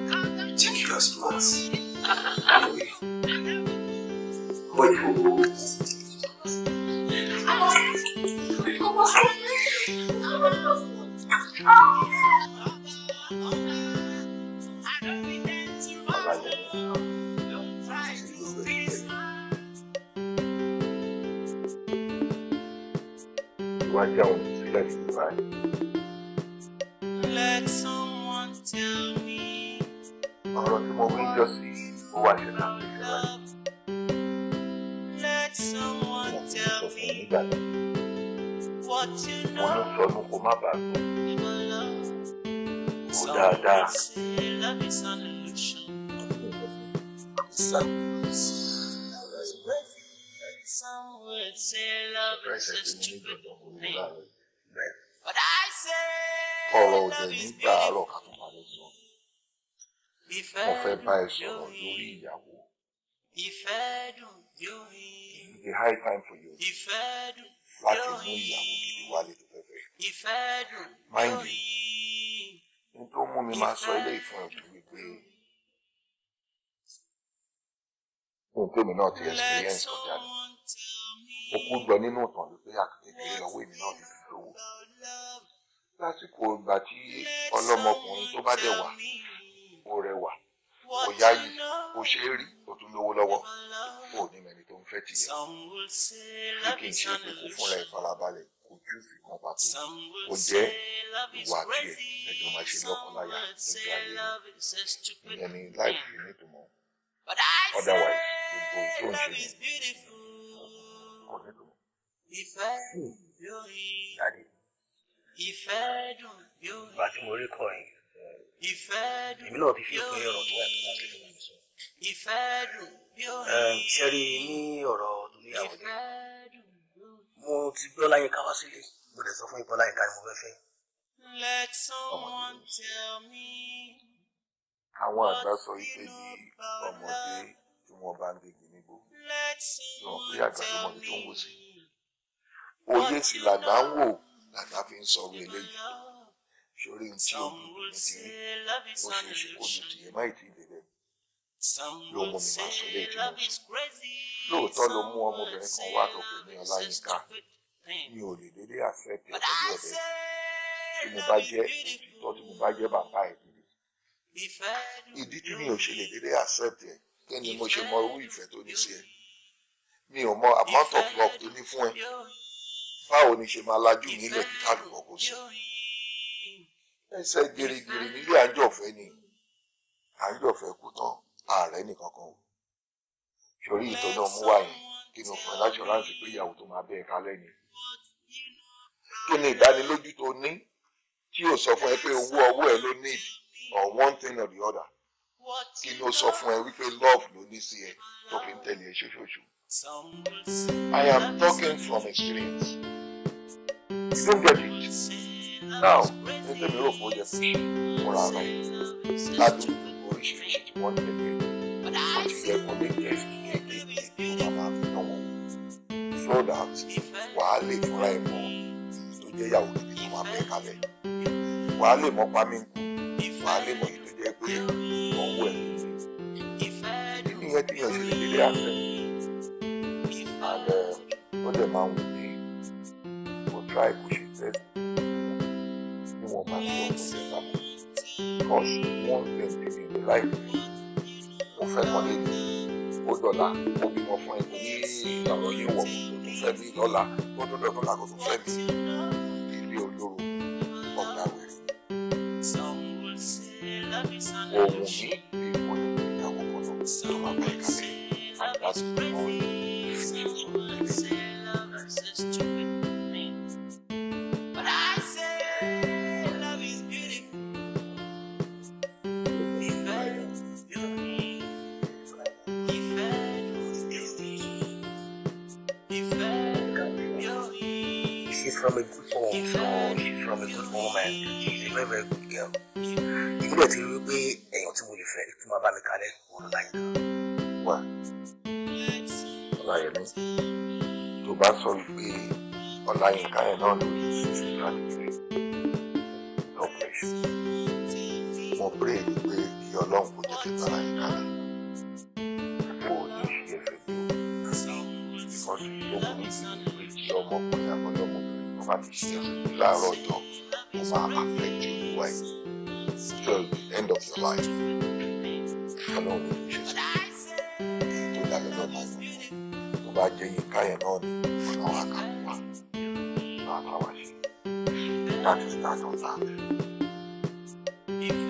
just plans. But you Let someone tell me ọ̀rọ̀ tí mo wí jọ sí ó wá ṣe náà ní ìṣẹ̀lẹ̀ rẹ̀. mo Some would say love is a stupid thing, but I say love is beautiful mo fẹ́ bá ẹ sọ̀rọ̀ lórí ìyàwó. It's a high time for you láti mú ìyàwó gidi wálé tó fẹ́fẹ́. Mind you, n tó mú mi máa sọ ilé ìfún ẹ̀kú wípé ohun tèmi náà ti experience kọjá ni. Ó kú jọ nínú ìtàn wípé àkàkékeré lọ́wọ́ èmi náà ti fi lówó. Lásìkò ìgbà tí ọlọ́mọkùnrin tó bá dẹ̀ wà o rẹwà o yáyì o ṣe é rí o tún lówó lọ́wọ́ o ní mẹ́ni tó ń fẹ́ tìyẹ kí kì í ṣe pé kò fúnra ẹ̀ farabalẹ̀ kò ju ìfìkan pàtó o jẹ́ ìwà tiẹ̀ ẹ̀jọ̀ máa ṣe lọ́kọ̀láyà lójú ayé ìyẹn ni láìpẹ́ nítumọ̀ otherwise gbogbo tó ń ṣe kò nítumọ̀. Hmm. Ìfẹ́ dùn yóò yí. Ìfẹ́ dùn yóò yí. Bàtí mo rí kọ́ yìí èmi náà fi ọ̀rọ̀ tó wà tó láti fi wà sọ. ṣe rí ní ọ̀rọ̀ tó ní àwọn ilé mo ti gbé ọláyínká wá sílé mo dẹ̀ sọ fún ipò ọláyínká ni mo fẹ́ fẹ́. Let someone tell me. àwọn àgbà sọ wípé bí ọmọdé tí wọ́n bá ń gbégi nígbó lọ pé àgbà ló mọ̀ọ́dé tó ń wò sí. oyè tí làgbà ń wò làgbà fi ń sọ orí eléyìí sórí ní tí ojú mi ti rí ó ṣe é ṣe kó mi ti yẹ mi máa sọ léèdì mọ́ lóòótọ́ ló mú ọmọbìnrin kan mo bá jẹ́ òtítọ́ tí mo bá jẹ́ bàbá ẹ̀ gidi ìdí tí mi ò ṣe lè dédé àfẹ́tẹ̀ kí ni mo ṣe mọ irú ìfẹ́ tó ní sí mi ò mọ amount of love tó ní fún ẹ báwo ni ṣe máa lajú mi lẹ̀ kíkà lùbọ̀ kó sí i ẹsẹ̀ gèrègèrè nílé àjọfẹ ni àjọfẹ kú tán ààrẹ nìkan kan o sórí ìtọ́ náà mú wá yẹn kí ni òfin aláṣọ láti pé ìyàwó tó máa bẹ́ẹ̀ kalẹ̀ ni kí ni ìdánilójú tó ní tí yóò sọ fún ẹ pé owó ọwọ́ ẹ ló ní or one thing or the other kí ni ó sọ fún ẹ wípé love ló ní sí ẹ tó fi ń tẹ̀lé ẹ ṣoṣooṣù. I am talking from experience. You don't get it now ní tèmi rò fún oúnjẹ sí fúnra do láti gbogbo oríṣiríṣi tí wọ́n lè gbé wọ́n ti yẹ kó lè jẹ́ kékeré tó máa fi tán wọn so that wàá lè fúnra ẹ̀ mọ́ tó jẹ́ ìyàwó gidi tó máa bẹ́ẹ̀ kalẹ̀ wàá lè mọ pa mí kú wàá lè mọ èyí tó jẹ́ pé ọwọ́ ẹ̀ nínú ìyẹn tí yẹn ṣe lè délé àfẹ́ àlẹ́ ó dẹ̀ máa wù mí kó try kó ṣe tẹ́sí woman will favor because one thing they need the right mo fẹ́ kan léde ó dọ̀la ó bímọ fún ẹ ní ọ̀rọ̀ yìí wọ̀ kó fẹ́ mi lọ́la ó tó dọ̀dọ̀ la kó tó fẹ́ mi ilé olóró ọ̀gá wẹ̀rẹ̀ òun ní èèwọ̀ ní ìyàwó kan ló máa bá ẹ̀ka mi àdásùn náà ní ìfẹ́ ìfọ̀rọ̀ ẹ̀rẹ́. from a good home or from a good woman she's a very very good girl èmi dẹ̀ ti rí pé èèyàn tí mo lè fẹ́ tí mo bá mi kalẹ̀ òun láyé wá ọláyẹmí tó bá sọ pé ọláyínká yẹn náà ló ń ṣe ìṣúná nìyẹn. bá ti ṣe láàárọ̀ ọjọ́ ó máa affect you like till the end of your life ọlọ́run ní ṣe sí tó dá mi lọ́nà tó bá jẹ́ yín káyọ̀ náà ni ọ̀nà wa kà wá máa bá wa ṣe that is that on that.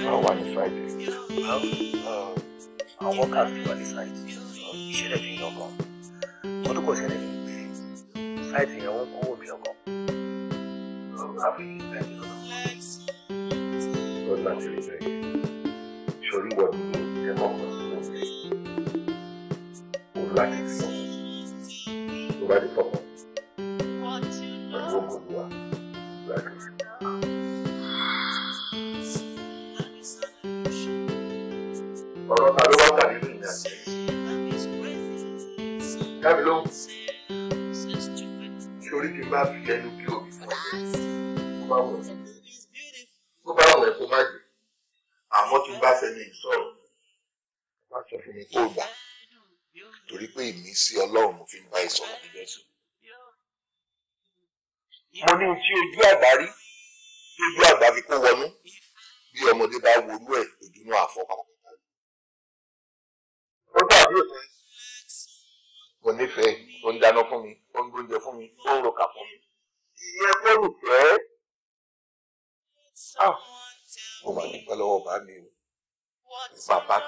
Ọ̀rọ̀ wà ní Friday. Àwọn wọ́kàtí wà ní Friday. Ìṣẹ̀lẹ̀ fi yàn gan. Ọdún kò ṣẹlẹ̀ ní pé Friday yẹn wọ́n kó i Thank you so much. God bless you. the to know. Would like to see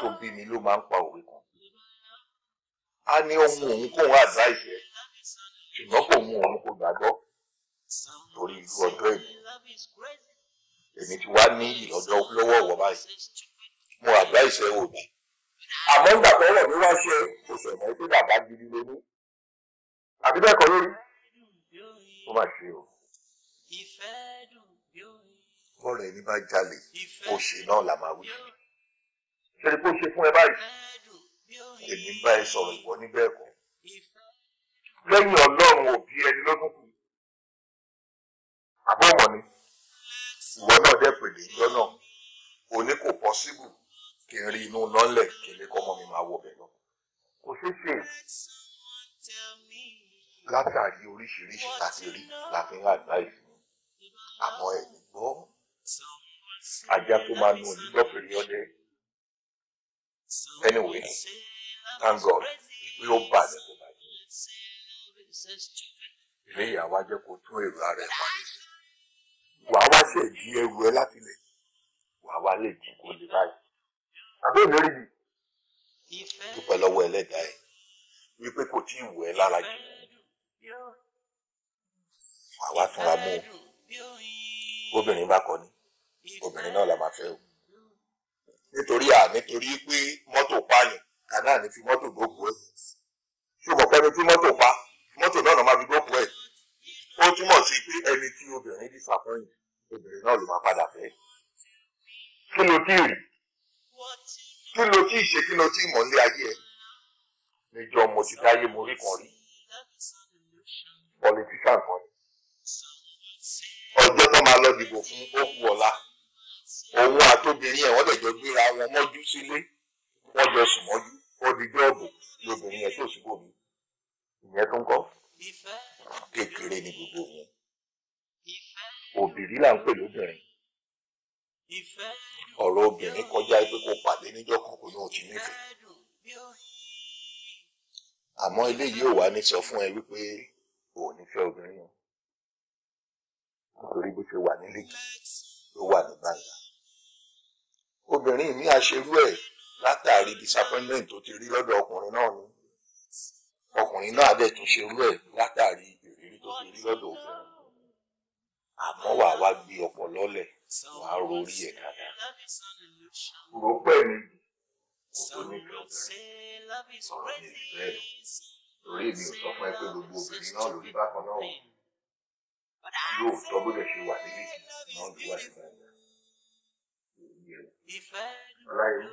tó bí mi ló máa ń pa òwe kan a ní ohun òun kó òun advice ẹ ṣùgbọ́n kò mú òun kó gbàgbọ́ torí irú ọjọ́ èyí èmi ti wá ní ìlọ́jọ́ lọ́wọ́ ọ̀wọ́ báyìí mo advice ẹ òdì àmọ́ nígbà tó rọ̀ mí wá ṣe oṣù ẹ̀mọ́ tó bàbá gidi lónìí àbí bẹ́ẹ̀ kọ́ lórí ó mà ṣe o bọ́ọ̀rọ̀ ẹni bá jalè òṣè náà là máa wí kiri kó ṣe fún ẹ báyìí èmi bá sọ̀rọ̀ ìwọ níbẹ̀ ẹ̀kọ́ lẹ́yìn ọlọ́run òbí ẹni ló kù àbọ̀wọ̀ ni ìwọ náà dẹ̀ pèlè ìjọ náà o ní kò pọ́síbù kí n rí inú lọ́lẹ̀ kí n lè kọ́ ọmọ mi máa wọ bẹ̀ lọ kò ṣeé ṣe látàrí oríṣiríṣi láti rí la fi ń àdáìsí àmọ́ ẹ̀ gbọ́ ajá tó máa nu onígbọ́fẹ̀rẹ̀ ọdẹ. Anyway, thank God we ó bad. ní kò bàjẹ́. Ilé ìyàwó ajẹ́ kó tún èrò ara ẹ̀ pàdé sí. Wàá wá ṣe ìdí ẹrù ẹ láti lẹ̀. Wàá wá lè jí kó lè báyìí. Àbí èmi rí mi. Dúpẹ́ lọ́wọ́ ẹlẹ́dàá ẹ̀ wípé kò tí ì wọ̀ ẹ́ lára jù. Wàá wá túnra mú o. Obìnrin bá kọ ni, obìnrin náà la máa fẹ́ o nítorí à nítorí pé mọ́tò pààyàn kàná ní fi mọ́tò dóòbò ẹ̀ ṣùgbọ́n pẹ́ni tí mọ́tò pa mọ́tò náà ló máa fi dóòbò ẹ̀ ó túmọ̀ sí pé ẹni tí obìnrin disappoint obìnrin náà ló máa padà fẹ́ kí ló tí rí kí ló tí ṣe kí ló tí mọ̀ nílé ayé ẹ̀ níjọ mo ti dáyé mo rí kan rí politician kan ọjọ́ tó máa lọ dìbò fún ó ọ̀la òun àtòbìnrin ẹ̀ wọ́n dẹ̀ jọ gbéra wọn mọ́jú sílé wọ́n jọ sùn mọ́jú wọ́n di jọ́ọ̀bù lóbìnrin yẹn tó ṣubú mi ìyẹn tó ń kọ́ kékeré ni gbogbo wọn òbìrí là ń pè lóbìnrin ọ̀rọ̀ obìnrin kọjá pé kò pàdé níjọ́ kan ní o ti nífẹ̀ẹ́ àmọ́ eléyìí ò wá ní sọ fún ẹ wípé ò ní obìnrin o nítorí bó ṣe wà nílé ló wà ní gbàngàn obìnrin ní àṣerú ẹ̀ látàrí disappointment tó ti rí lọ́dọ̀ ọkùnrin náà ni ọkùnrin náà dẹ̀ tún ṣerú ẹ̀ látàrí ìrírí tó ti rí lọ́dọ̀ obìnrin àmọ́ wà wá gbé ọpọlọ lẹ̀ wà á rorí ẹ̀ dáadáa rò pẹ́ mi kò tó ní ìfẹ́ sọ̀rọ̀ mi ìfẹ́ lórí mi ò sọ fún ẹ pé gbogbo obìnrin náà lórí bákan náà yóò tọ́ bó lè ṣe wà nílé náà ló wà nígbà Right